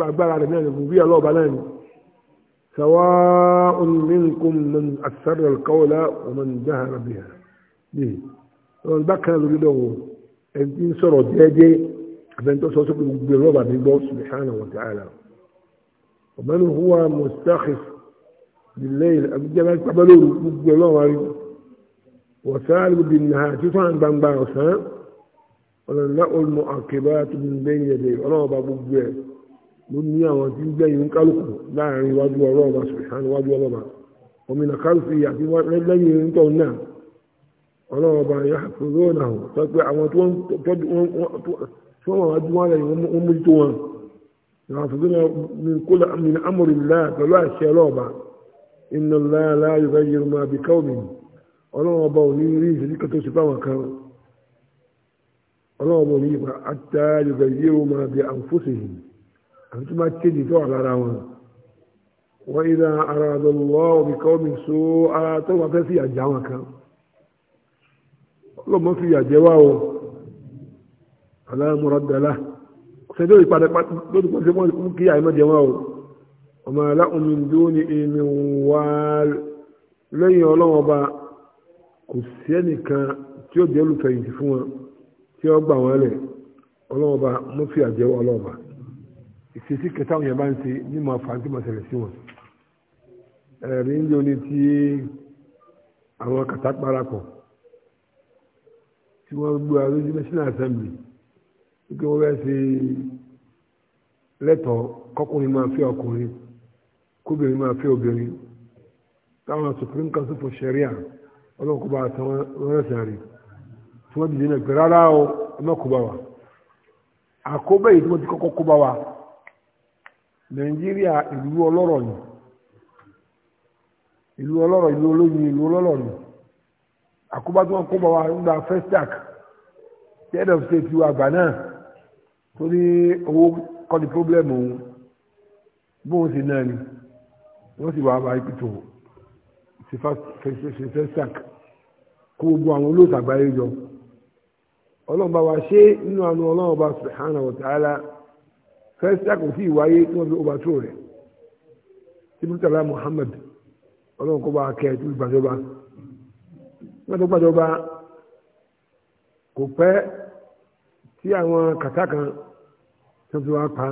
nípa agbára rẹ̀ náà nìbú bí ọlọ́ọ̀bá náà ni sawa'un minkum man asarra al-qawla wa man jahara biha ní ọ̀rọ̀ bákan lórí dọ̀wọ́ ẹni tí ń sọ̀rọ̀ jẹ́jẹ́ àfẹ́ntọ́ sọ sókè gbogbo ọlọ́ọ̀bá mi gbọ́ subhanahu wa ta'ala wa man huwa mustakhif bil-layl àbíjẹ́lá pàbálòrò gbogbo ọlọ́ọ̀bá rí وسالب بالنهار تفان بان بان وسان ولن لأ المؤكبات من بين يديه ولا بابو ló ní àwọn tí ń gbẹ̀yìn kálukú láàrin iwájú ọlọ́ọ̀bà sùhán iwájú ọlọ́ọ̀bà òmìnira kálukú àti lẹ́yìn tó náà ọlọ́ọ̀bà yà fúró náà sọ pé àwọn tó wọ́n wájú wọn lẹ́yìn wọ́n mójútó wọn yà fúró náà ní kólà min amrillah inna la yughayyiru ní àti tó bá tẹ́jì tó wà lára wọn wọ́n ìdá ara lọ́wọ́ omi kan omi so ara tó wà fẹ́ fìyà jẹ àwọn kan ọlọ́mọ fìyà jẹ wá o aláàmúradàlá ṣe lórí padà lórí pàṣẹ wọn kú kí àìmọ́ jẹ wá o ọmọ aláhùnmi dúró ní èmi lẹ́yìn ọlọ́wọ́ bá kò sí ẹnìkan tí ó jẹ́ olùfẹ̀yìntì fún wọn tí ó gbà wọn lẹ̀ ọlọ́wọ́ bá mú fìyà jẹ wá ọlọ́wọ́ bá ìṣesí kẹta òyìn bá ń ṣe ní ma fa tí ma ṣẹlẹ̀ sí wọn ẹ̀rí ń lóni tí àwọn kàtà parapọ̀ tí wọ́n gbé àwọn national assembly wípé wọ́n fẹ́ ṣe lẹ́tọ̀ọ́ kọkùnrin máa fẹ́ ọkùnrin kóbìnrin máa fẹ́ obìnrin táwọn supreme council for sharia ọlọ́run kó bá san wọ́n rẹ̀sẹ̀ rẹ̀ tí wọ́n dìde náà pé rárá o ẹ má kó bá wa àkóbẹ̀yìn tí wọ́n ti kọ́kọ́ kó bá wa nàìjíríà ìlú ọlọ́rọ̀ ni ìlú ọlọ́rọ̀ ìlú olóyin ìlú ọlọ́rọ̀ ni àkóbá tí wọ́n kó bá wa ń gba festac head of state wa àgbà náà tó ní owó kọ́ ni problem òun bóun sì náà ni wọ́n sì wá bá ìpìtò ṣe festac kó gbogbo àwọn olóòtú àgbáyé jọ ọlọ́run bá wa ṣe nínú àánú ọlọ́run bá subhanahu wa ta'ala fẹ́ẹ́sítà kò sí ìwáyé tí wọ́n fi overthrow rẹ̀ tibutala Muhammad ọlọ́run kó bá a kẹ́ ẹ tibu gbàjọba wọ́n tó gbàjọba kò pẹ́ tí àwọn kàtà kan tó fi wá pa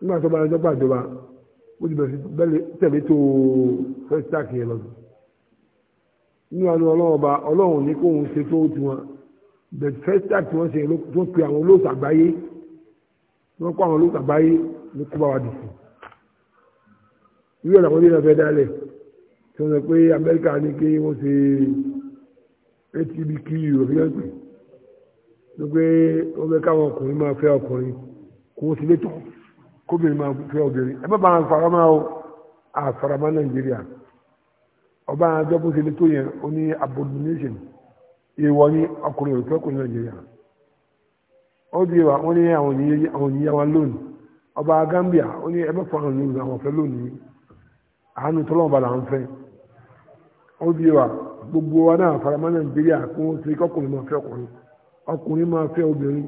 nígbà tó bá ẹjọ́ gbàjọba ó ti bẹ̀rẹ̀ tẹ̀lé tó fẹ́ẹ́sítà kì í lọ́dún nínú àánú ọlọ́run ọba ọlọ́run ní kóun ṣe tó tiwọn the first tí wọ́n ṣe ló pe àwọn olóòtú àgbáyé wọ́n kọ́ àwọn olóògbé àbáyé ní kó bá wa dùn fún irú ọ̀nà àwọn ilé náà fẹ́ dálẹ̀ tí wọ́n sọ pé amẹ́ríkà ní kí wọ́n ṣe atbq òfin pè ló pé wọ́n fẹ́ káwọn ọkùnrin máa fẹ́ ọkùnrin kó wọ́n ti lé tán kóbìnrin máa fẹ́ obìnrin ẹ bá bá wọn fara máa o àfara máa nàìjíríà ọba àjọ bó ṣe lé tó yẹn ó ní abomination èèwọ̀ ní ọkùnrin òfin ọkùnrin nàìjíríà ó di wa wọ́n ní àwọn òyìnyá wa lónìí ọba Gambia ó ní ẹgbẹ́ fún àwọn olùgbà àwọn ọ̀fẹ́ lónìí àánú tọ́lọ́mọba là ń fẹ́ ó di wa gbogbo wa náà faramọ́ Nàìjíríà kó o ti kọkùnrin máa fẹ́ ọkùnrin ọkùnrin máa fẹ́ obìnrin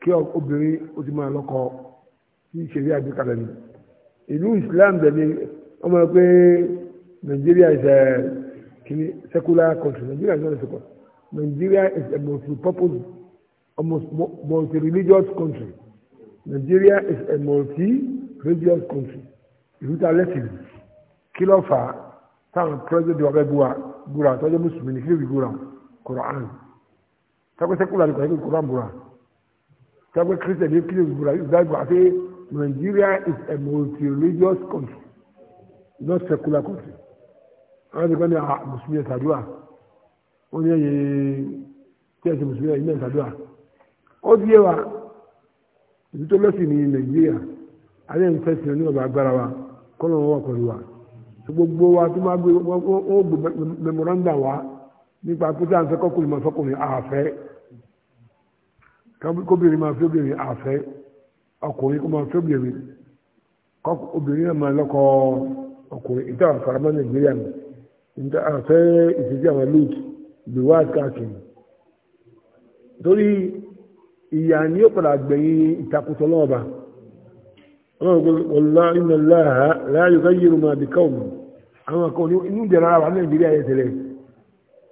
kí obìnrin ó ti máa lọ́kọ tí ìṣeré àgbékalẹ̀ ni ìlú Islam dẹ̀ ni wọ́n máa pé Nàìjíríà is a kini secular country Nàìjíríà is not secular Nàìjíríà is a multi-purpose a multi-religious country Nigeria is a multi-religious country ìlú ta lẹ́sìn kí ló fà á táwọn president wa fẹ́ búra tọ́jú mùsùlùmí ní kí ló fi búra Quran tọ́gbẹ́ sẹ́kùlà ní kò Quran búra tọ́gbẹ́ christian ní kí ló fi búra yóò dájú àti Nigeria is a multi-religious country not secular country àwọn ti kọ́ ní ah, mùsùlùmí ẹ̀sàdúrà wọ́n ní ẹ̀yẹ tí ẹ̀sìn mùsùlùmí ẹ̀yẹ mẹ́sàdúrà. ó bí wa ìlú tó lọ́sìn ní nàìjíríà alẹ́ ń fẹ́ sinmi ní ọba agbára wa kọ́nà wọn wà pẹ̀lú wa gbogbo wa tó máa gbé ó gbé wa nípa pété máa àfẹ́ kóbìnrin máa fi obìnrin àfẹ́ ọkùnrin kó máa fi obìnrin obìnrin náà máa ọkùnrin nàìjíríà mi àwọn lute the cat king torí. ìyà ni ó padà gbẹ̀yìn ìtakùtọ̀ lọ́ọ̀bà ọlọ́run iná láàá láàyò ká yìí rùmọ̀ àbíká òmù àwọn kan ní inú ìjẹ̀rọ ara wà ní nàìjíríà yẹn tẹ̀lé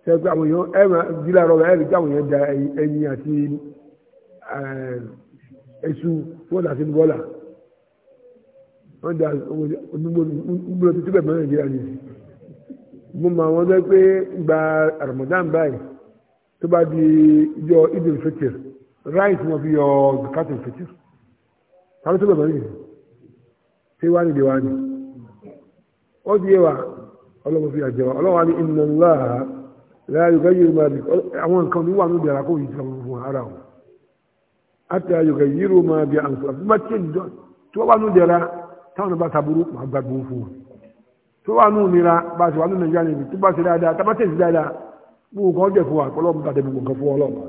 sẹ́kọ̀ àwọn èèyàn ẹ̀rọ ìdílé àrọ̀ ẹ̀rí mo mọ àwọn ọdọ pé gba Ramadan báyìí tó bá di ìjọ Idul Fitr right wọn fi yọ zakat al-fitr tàbí tó bẹ̀rẹ̀ nìyí ṣé wá nídìí wá ní. ó di ewa ọlọ́wọ́ fi àjẹwà ọlọ́wọ́ ní inna Allaha la yughayyiru ma bi àwọn nǹkan mi wà ara yughayyiru ma bi àǹfà àti jọ tó wà ní ìdára táwọn bá taburú máa gbàgbọ́ fún wọn. tó wà ní òmìnira bá a wa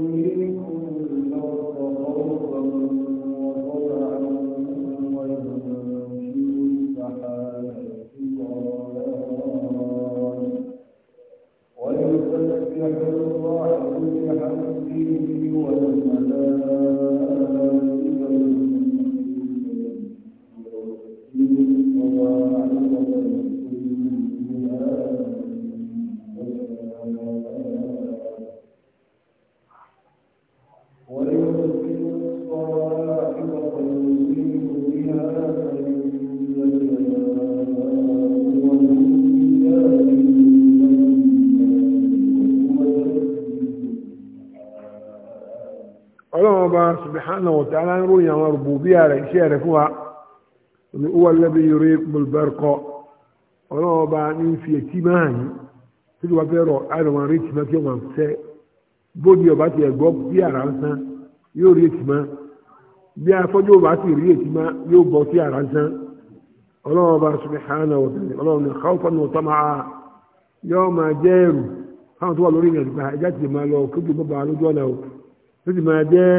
Gracias. rùbùbíyà rẹ̀ iṣẹ́ rẹ̀ fún wa ní uwa lẹ́bi yorì bulbẹ́rkọ ọlọ́wọ́ bá ní fi etí máa yín tí wọ́n fẹ́ rọ àìrọ̀ wọn rí tìmọ́ tí wọ́n fẹ́ bóde ọba ti ẹ̀gbọ́ bí ara ń san yóò rí tìmọ́ bí afọ́jú ọba ti rí tìmọ́ yóò bọ́ sí ara ń san ọlọ́wọ́ bá subhanahu wa ta'ala ọlọ́wọ́ ní khawfan wa tama'a yóò máa jẹ́ ẹ̀rù káwọn tó wà lórí ìrìn àjùmọ̀ ẹ̀já ti máa lọ kí gbogbo bàbá lójú ọ̀nà o tó ti máa jẹ́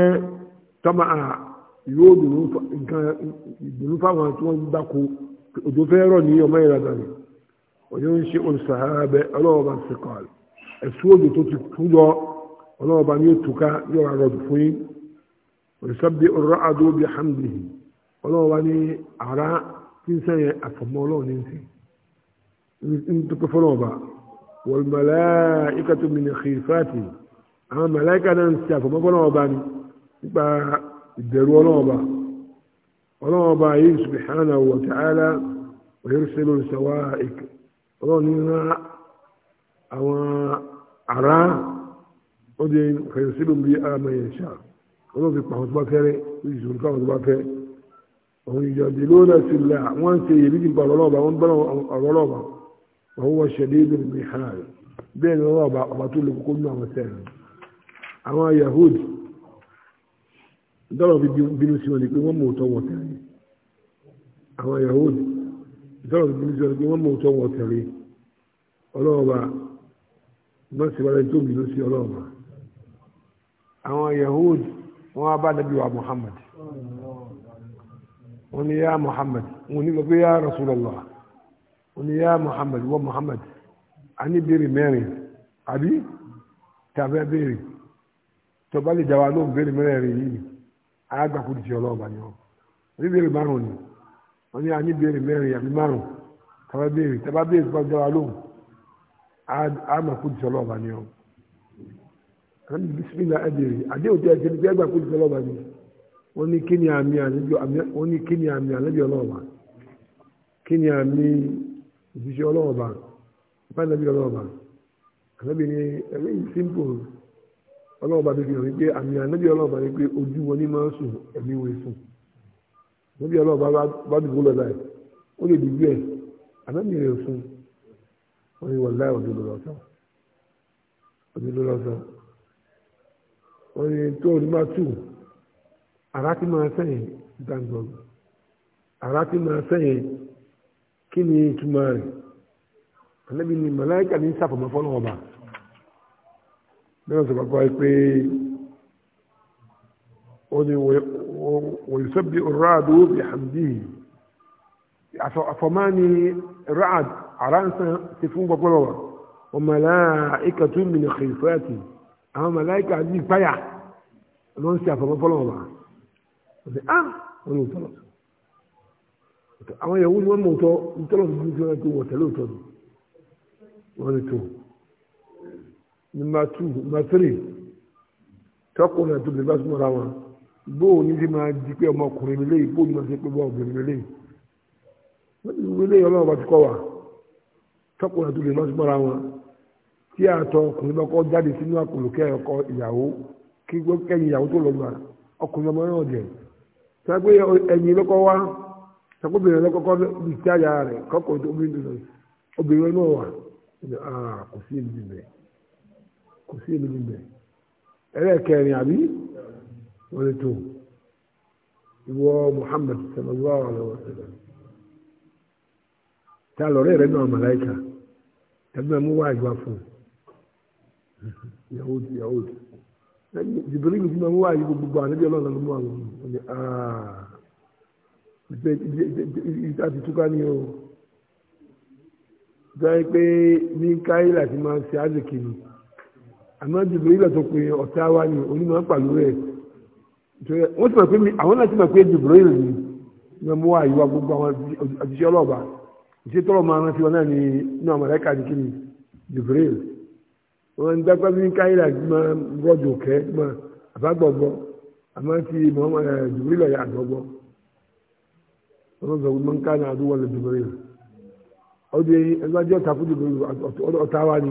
tama'a yóò dùnú nǹkan ìdùnnú fáwọn tí wọ́n dáko òjò fẹ́ rọ̀ ní ọmọ ìrànà ni òjò ń ṣe olùsàábẹ ọlọ́ọ̀bà sèkọ́l ẹ̀sùn òjò tó ti kú lọ ọlọ́ọ̀bà ní ètùká yóò rà rọ̀dù fún yín olùsàbí ọ̀rọ̀ àdó bíi hamdihi ọlọ́ọ̀bà ní ara tí ń sẹ́yìn àfọ̀mọ́ ọlọ́ọ̀ ní ti ń tọ́pẹ́ fọlọ́ọ̀bà wal malaikatu min ìbẹ̀rù ọlọ́ọ̀ba ọlọ́ọ̀ba yìí subhanahu wa ta'ala wa yursilu sawa'ik ọlọ́ọ̀ ní rán àwọn ará ó di kẹ̀yọ̀sílù bí àmà fi pàwọn tó bá fẹ́rẹ́ ó sì sọ̀rọ̀ káwọn tó ọba dọ́rọ̀ bí bínú sí wọn ni pé wọ́n mọ̀ òótọ́ wọn tẹ̀lé àwọn Yahudi dọ́rọ̀ bí bínú sí wọn ni pé wọ́n mọ̀ òótọ́ wọn tẹ̀lé ọlọ́ọ̀bà wọ́n sì wáyé tó bínú sí ọlọ́ọ̀bà àwọn Yahudi wọ́n wá bá nàbí wa Muhammad wọ́n ní yá Muhammad wọ́n ní gbogbo yá Rasulullah wọ́n ní yá Muhammad wọ́n Muhammad a ní béèrè mẹ́rin àbí tàbí béèrè tọ́ba lè dá wa lóhùn béèrè mẹ́rin yìí àgbàkú ti ọlọ́ọ̀bà ni wọn oníbèrè márùn ni wọn ní aníbèrè mẹ́rin àbí márùn tàbá béèrè tàbá béèrè tó bá dára lóhùn àgbàkú ti ọlọ́ọ̀bà ni wọn. àmì bisimilá ẹ béèrè àdéhùn tí a ti ní àgbàkú ti ọlọ́ọ̀bà ni wọn ní kí ni àmì àlẹ́bí ọlọ́ọ̀bà kí ni àmì ìṣiṣẹ́ ọlọ́ọ̀bà bá àlẹ́bí ọlọ́ọ̀bà àlẹ́bí ni ẹ̀rí simple ọlọ́run bá bíbí hàn wípé àmì ànábì ọlọ́run bá ní pé ojú wọn ní máa ń sùn ẹ̀mí wo sùn ànábì ọlọ́run bá bá dùgbò lọ́la ẹ̀ ó lè dìgbò ẹ̀ ànábì rẹ̀ sùn wọ́n ní wọ́n láì ọdún lọ́la ọ̀sán ọdún lọ́la ọ̀sán wọ́n ní tó ọdún máa tù ara ti máa sẹ́yìn dandan ara ti máa sẹ́yìn kí ni ìtumọ̀ rẹ̀ ànábì ni màláìkà ní sàfọ̀mọ́ fọ́nà ọba lẹ́yìn sọ bàbá pé ó ní wòlùsọ́bì ráàdù bí hàmdì àfọ̀mánì ráàd àránṣán ti fún gbọ́gbọ́lọ́wà ọmọlá ikàtú mìíràn kìrìfẹ́ẹ̀tì àwọn màláìkà ní ìpáyà ló ń ṣe àfọ̀mọ́fọ́lọ́wà ah! àwọn ìyàwó ni wọ́n mọ̀ tọ́ ní tọ́lọ̀ ní ìjọba tó wọ̀ tẹ́lẹ̀ òtọ́ ni wọ́n ni tó number two number three tọkùnrin àti obìnrin bá súnmọ́ ra wọn bóò ní ti máa di pé ọmọkùnrin mi léyìí bóò máa ṣe pé bọ́ obìnrin mi léyìí ìwé léyìí ọlọ́run bá ti kọ́ wa tọkùnrin àti obìnrin bá súnmọ́ ra wọn tí àtọ ọkùnrin bá kọ́ jáde sínú àkùnlùkẹ́ ọkọ ìyàwó kí kẹ́yìn ìyàwó tó lọ́gbà ọkùnrin ọmọ náà jẹ sàgbé ẹ̀yìn lọ́kọ́ wá sàgbóbìnrin lọ́kọ́kọ́ bìí tí àyà rẹ̀ kọ́kọ́ obìnrin náà wà ah, kò sí ìlú bẹ̀rẹ̀ kò sí èmi níbẹ̀ ẹlẹ́ẹ̀kẹrin àbí wọ́n lè tó ìwọ Muhammad sallallahu alaihi wa sallam ta lọ́rẹ́ rẹ̀ náà màláìka ẹgbẹ́ mú wá ìwà fún yahoo yahoo jìbìrìlì fún mi wá yìí gbogbo ànábì ọlọ́run ló àwọn ọmọ ní ìta ti túká ní o jẹ́ pé ní káyílà ti máa ń ṣe àzìkì ni àmọ́ jìbìrì lọ tó pe ọ̀tá wa ni onímọ̀ ń pàlú rẹ̀ wọ́n ti mọ̀ pé àwọn náà ti mọ̀ pé jìbìrì ni wọ́n mú wa gbogbo àwọn òṣìṣẹ́ ọlọ́ọ̀bà òṣìṣẹ́ tọ́lọ̀ máa rántí wọn náà ni inú àwọn mọ̀lẹ́kà ní kíni jìbìrì wọn dápẹ́ bí káyìlá máa rọ́jò kẹ́ máa àbágbọ̀gbọ́ àmọ́ ti eh, jìbìrì lọ yà àgbọ̀gbọ́ wọ́n sọ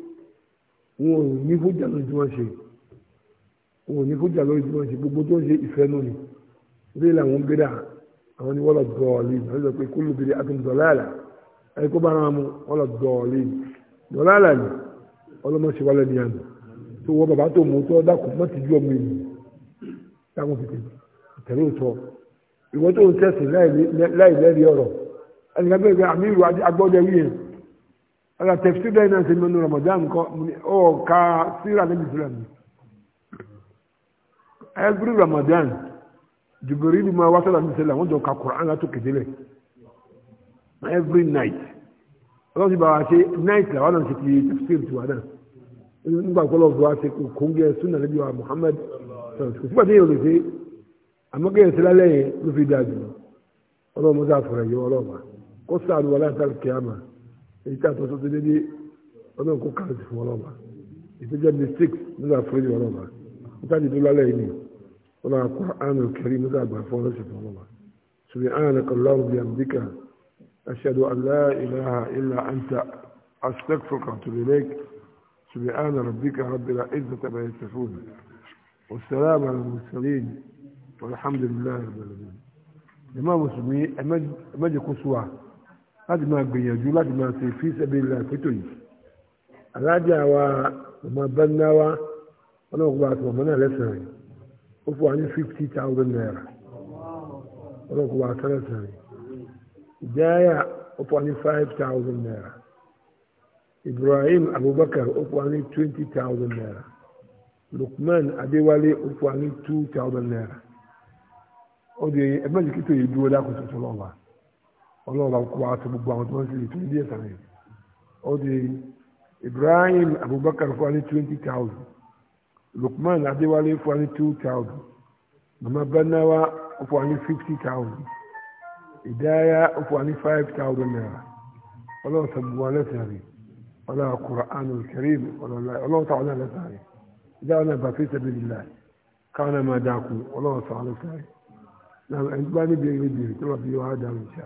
wọn ò ní fújà lórí tí wọ́n ṣe wọn ò ní fújà lórí tí wọ́n ṣe gbogbo tó ń ṣe ìfẹ́ nù ni lórí làwọn bídà àwọn ni wọ́n lọ dọ̀ọ̀lì wọ́n sọ pé kúlù bídà àti dọ̀láàlà ẹni kó bá ara mu wọ́n lọ dọ̀ọ̀lì dọ̀láàlà ni ọlọ́mọṣẹ́ wálé ni àná tó wọ́n bàbá tó mú tó dákun mọ́ ti ju ọmọ ènìyàn táwọn fi tẹ̀lé òtọ́ ìwọ́n tó ń tẹ̀sìn láì lẹ́rìí ọ̀rọ̀ ẹnìkan ọ̀la tẹ̀sí bẹ́ẹ̀ náà ṣe mẹ́nu ramadan kọ́ ọ̀ ká síra níbi síra mi every ramadan Jibril ma wá sọ́dọ̀ mi sẹ́lẹ̀ wọ́n jọ ka Quran látò kedele every night ọlọ́run ti bá wa night làwọn náà ṣe ti tafsir tiwa náà nígbà kọ́lọ́ fún wa ṣe kóńgẹ́ sunna níbi wa Muhammad sọ̀rọ̀ kò sígbà tí yóò lè ṣe àmọ́kẹ́yẹ sí lálẹ́ yẹn ló fi dáa jù ọlọ́run mọ́tà fọ̀rọ̀ yìí ọlọ́run kó sáà ní wàlá èyí tí a tọ́ sọ́tún dédé ọlọ́run kó káàdì fún ọlọ́ba ìtọ́jọ́ ní six nígbà fúrẹ́jì ọlọ́ba níta ti dúró lálẹ́ yìí ọlọ́ àkọ́ àánú kẹrí nígbà àgbà fún ọlọ́sẹ̀ fún ọlọ́ba subhanaka allahumma bi hamdika ashhadu an la ilaha illa anta astaghfiruka wa atubu ilayk subhana rabbika rabbil izzati amma yasifun والسلام على المرسلين والحمد لله láti máa gbìyànjú láti máa ṣe fi sẹ́bìlì àpétò yìí alájà wa ọmọ bẹ́ńdáwá ọlọ́gbà àti ọmọ náà lẹ́sàn-án rẹ̀ ó fún wa ní fifty thousand naira ọlọ́gbà àti lẹ́sàn-án rẹ̀ ìjáyà ó fún wa ní five thousand naira ibrahim abubakar ó fún wa ní twenty thousand naira lukman adéwálé ó fún wa ní two thousand naira ó di ẹgbẹ́ ìkítò yìí dúró dákòtò tó lọ́wọ́ ọlọ́run kó wa ti gbogbo àwọn tó wọ́n ti lè tún díẹ̀ sàn yìí di Ibrahim Abubakar fún wa ní twenty thousand Lukman Adéwálé fún wa ní two thousand Mama Banawa fún wa ní fifty thousand Ìdáyà fún wa ní five thousand naira ọlọ́run sọ gbogbo wọn lẹ́sìn rẹ̀ ọlọ́run kareem Karim ọlọ́run sọ wọn lẹ́sìn rẹ̀ ìdáwọn náà bàfẹ́ sabilillah káwọn náà máa dákun ọlọ́run sọ wọn lẹ́sìn rẹ̀ náà ẹni tó bá níbi èrè bèrè tó bá fi wá dáhùn insha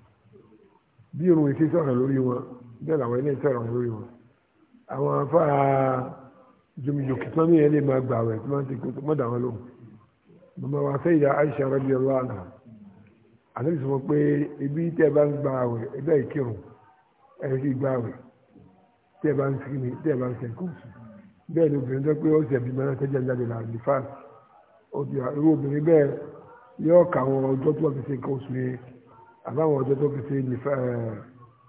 bí irun ìṣe sọ̀rọ̀ lórí wọn bẹ́ẹ̀ làwọn ilé sọ̀rọ̀ lórí wọn àwọn afárá jòmìjòkì tán ní ẹlẹ́ máa gbà wẹ̀ tí wọ́n ti kótó mọ́dà wọn lóhùn màmá wa sẹ́yìn Aisha radiyallahu anha àlẹ́ sọ pé ibi tẹ́ ẹ bá ń gbà wẹ̀ ẹgbẹ́ ìkírun ẹ sì gbà wẹ̀ tẹ́ ẹ bá ń sinmi tẹ́ ẹ bá ń sẹ́kù bẹ́ẹ̀ ni obìnrin tó pé ó sì ẹ̀bí mẹ́rin tẹ́jà jáde là ní fáàsì irú obìnrin bẹ́ẹ̀ yóò kà àwọn ọjọ́ tó wà fi ṣe nǹkan oṣù yẹn àbáwọn ọjọ́ tó fi ṣe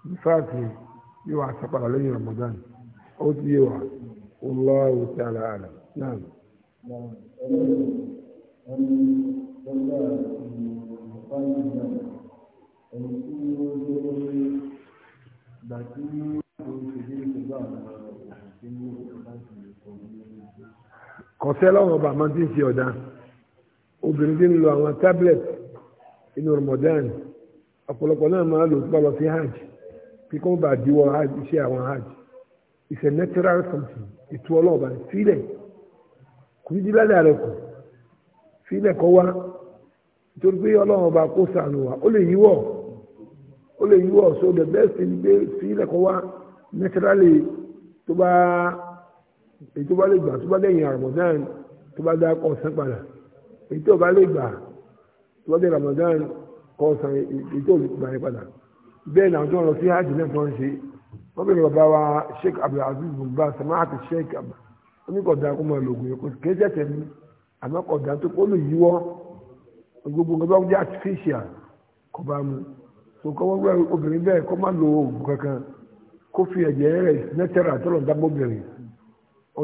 nífàtì yóò wá sàpàdà lẹ́yìn Ramadan ó ti yé wa Allahu ta'ala a'lam náà. Ẹni tí ó ń gbé gbàgbé kọ̀sẹ́ lọ́wọ́ ọba àmọ́ tí ń ṣe ọ̀dà obìnrin tí ń lo àwọn tablet inú Ramadan ọ̀pọ̀lọpọ̀ náà máa lò tó lọ sí hajj kí kò bá diwọ́ hajj iṣẹ́ àwọn hajj it's a natural something ètò ọlọ́ọ̀bà sílẹ̀ kò ní dílálẹ̀ rẹ̀ kù sílẹ̀ kọ́ wá nítorí pé ọlọ́ọ̀bà kó sànù wá ó lè yíwọ́ ó lè yíwọ́ so the best thing gbé sílẹ̀ kọ́ wá naturally tó bá èyí tó bá lè gbà tó bá lẹ́yìn Ramadan tó bá dá ọ̀sán padà èyí tó bá lè gbà tó bá dé Ramadan. kọ́ san ètò olùkùnrin rẹ̀ padà bẹ́ẹ̀ ni àwọn tó ń lọ sí hajj náà tó ń ṣe wọ́n bẹ̀rẹ̀ bàbá wa sheik abdulaziz bùnbà samaati sheikh abba oníkọ̀dá kó máa lògùn yẹn kò sí kéjẹ́ tẹ̀mí àmọ́ kọ̀dá tó kó lè yíwọ́ gbogbo nǹkan bá mu tó kọ́ wọ́n obìnrin bẹ́ẹ̀ kó má lo oògùn kankan kó fi ẹ̀jẹ̀ rẹ̀ nẹ́tẹ̀rà tó dábòbìnrin ó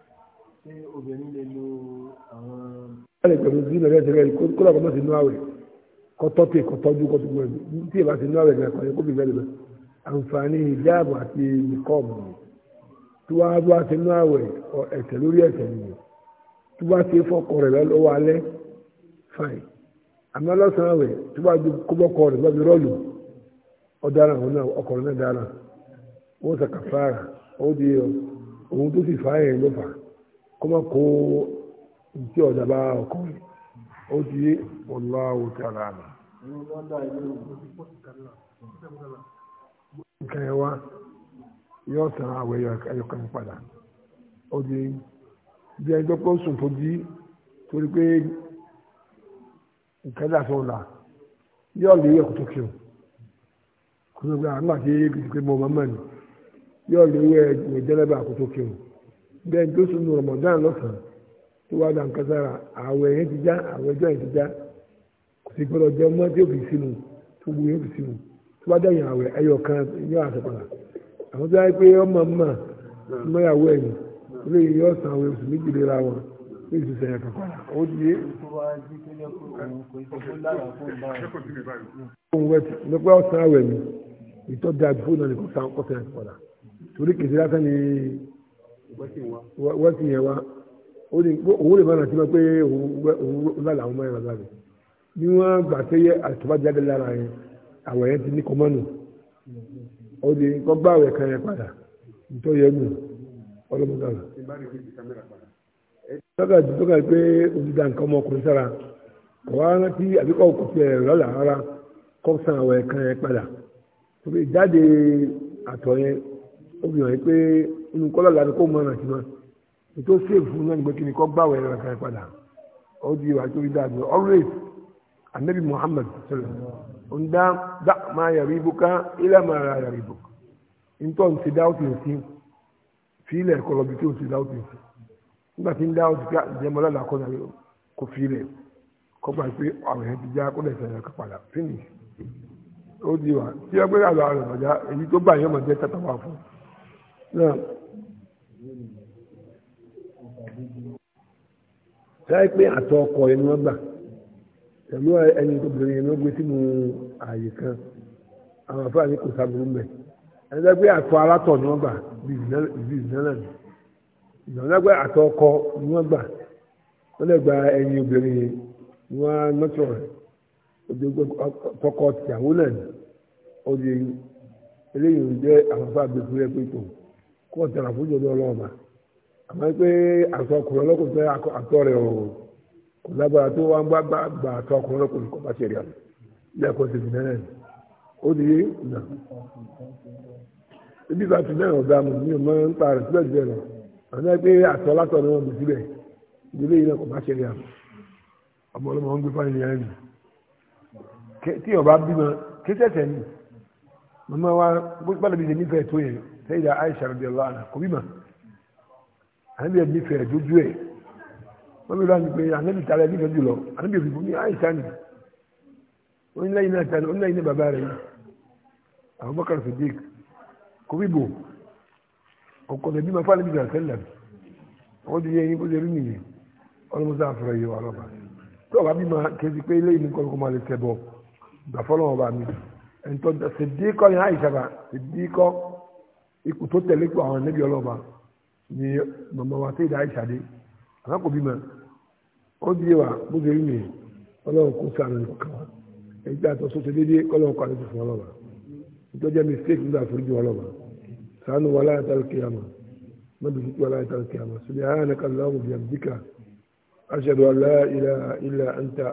ṣé obìnrin lè lo àwọn. ẹnì pẹ̀lú sí ìlọrin ẹ̀sẹ̀ rẹ̀ kó lọ́kọ̀ mọ́sí inú àwẹ̀ kó tọ́tù kó tọ́jú kó tún wẹ̀mí tí ìbá ti inú àwẹ̀ rẹ̀ kọ́ yẹ kó bìbẹ́ lọ. àǹfààní ìjáàbù àti nìkọ́ọ̀mù tí wàá bá ti inú àwẹ̀ ẹ̀sẹ̀ lórí ẹ̀sẹ̀ nìyẹn tí wàá ti fọ́kọ rẹ̀ lọ́wọ́ alẹ́ fine àmọ́ lọ́sàn-án àwẹ̀ tí wàá ju kóbọ́kọ rẹ̀ lọ́bi rọ́ọ̀lù ọ̀daràn òun náà ọkọ̀ rẹ̀ náà dára wọ́n sàkàfàrà ó di tó sì fà á yẹn ló fà kó má kó tí ọ̀dà bá ọkọ̀ rẹ̀ ó ti yé ọ̀la òtí ara rẹ̀. nǹkan ẹ̀ wá yóò san àwẹ̀ ẹ̀yọkàn padà ó ti bí ẹni tó kó sùn tó jí torí pé nǹkan dà tó yóò lè yẹ kó tó kí o kó tó gbà nígbà tí kìtìkì mọ̀ mọ́mọ́ ni yóò lè yẹ ìjẹ́lẹ́bà kó tó kí bẹ́ẹ̀ tó sunu Ramadan lọ́sàn-án tó wá dà nǹkan sára àwẹ̀ yẹn ti já àwẹ̀ ọjọ́ yẹn ti já kò sì gbọdọ̀ jẹ ọmọ tí ó fi sínú tó gbogbo yẹn fi sínú tó bá dẹ̀yìn àwẹ̀ ẹyọ kan yọ àtẹ̀pàlà àwọn tó yẹ pé ọmọ mọ mọ́yàwó ẹ̀yìn ilé yìí yọ san àwẹ̀ oṣù méjì lera wọn ní kò sàn kọ́sẹ̀ àtẹ̀pàlà torí kìsìlá sani wẹ́sìn yẹn wá òun lè máa ti máa pé òun lálẹ́ àwọn ọmọ yẹn lálẹ́ ni wọ́n gbà pé àtúbájáde lára yẹn àwọ̀ yẹn ti ní kọ́mọ́nù ó di kọ́ gbá àwẹ̀ kan yẹn padà nítorí yẹn nù ọlọ́mọdé àlọ́. tọ́ka tọ́ka pé olùdá nǹkan ọmọkùnrin sára ọ̀wá rántí àbíkọ́ kò tiẹ̀ lọ́là rárá kọ́ san àwẹ̀ kan yẹn padà ìjáde àtọ̀ yẹn ó fi hàn pé. olùkọ́lọ̀ làbí kó mọ ọ̀nà tí wọn ètò sèfù náà nígbà kí ni kọ́ gbàwé ẹ̀rọ kan padà ó di ìwà tó rí dáadé always anabi muhammad sọlọ ń dá dá máa yàrá ibú ká ilé máa ra yàrá ibú ntọ́ ń ti dá ó ti ń sin fílẹ̀ kọlọ́bì tó ń ti dá ó ti ń nígbà tí ń ah, ti ká kò ti sáyé pé àtọ ọkọ ẹni wọn gbà pẹ̀lú ẹni tó bẹ̀rẹ̀ ẹni wọn gbé sínú ààyè kan àwọn afẹ́ àti kò sábúrú mẹ́ ẹni tó gbé àtọ ni gbà ìdílé ìdílé gbé àtọ ọkọ ni wọ́n gbà wọ́n lè gba ẹni obìnrin yẹn ni wọ́n á nọ́tọ̀ rẹ̀ ojú tọkọ tìyàwó náà ni kó o tẹ̀lé àfojì ọdún ọlọ́ọ̀bà àmọ́ pé àtọ ọkùnrin ọlọ́kùnrin fẹ́ àtọ rẹ̀ o kò lágbára tó wá ń gbá gba àtọ ọkùnrin ọlọ́kùnrin kọ́ bá ṣe rí àná ilé ẹ̀kọ́ ti fìdí náà ó di nà ibi ìgbà tí náà ọ̀gá mi mi ò mọ ń pa rẹ̀ síbẹ̀ síbẹ̀ lọ àmọ́ pé àtọ látọ̀ ni wọ́n mi síbẹ̀ ìdílé yìí náà kò bá ṣe rí àná ọmọ ọlọ́mọ ń gbé fáyìn yẹn Sayyida Aisha radiyallahu anha kò bímọ ànábì ẹbí fẹrẹ dójú ẹ wọn bí wọn pe ànábì tààrà ẹbí fẹrẹ jùlọ ànábì ẹbí fún mi Aisha ni wọn ní lẹ́yìn náà tani wọn ní lẹ́yìn náà bàbá rẹ yìí Abubakar Siddiq kò bíbò ọkọ rẹ bí ma fún ànábì sàlẹ wọn ti yẹ yín kó ṣe rí nìyí ọlọmọsá àfọlọ yìí wà lọba tí ọba bí ma kéde pé ilé ìnìkan kó máa lè tẹ bọ gbàfọlọ ọba mi ẹnitọ́ Siddiq kọ́ ni Aisha bá Siddiq kọ́ ipò tó tẹ̀lé pé àwọn ẹ̀nẹ́bí ọlọ́ba ni màmá wa tẹ́ ìdá ìṣàdé àlákò bímọ ó di wa bó ṣe rí nìyẹn ọlọ́run kó sàánù nìkan wa ẹgbẹ́ àtọ́sọ ṣe déédéé ọlọ́run kọ́ àdéhùn fún ọlọ́ba nítorí jẹ́ mistake nígbà àforíjì ọlọ́ba sàánù wa láyà tá kíyàmá mọ́bí sí wa láyà tá kíyàmá subhanaka Allahumma wa bihamdika ashhadu an la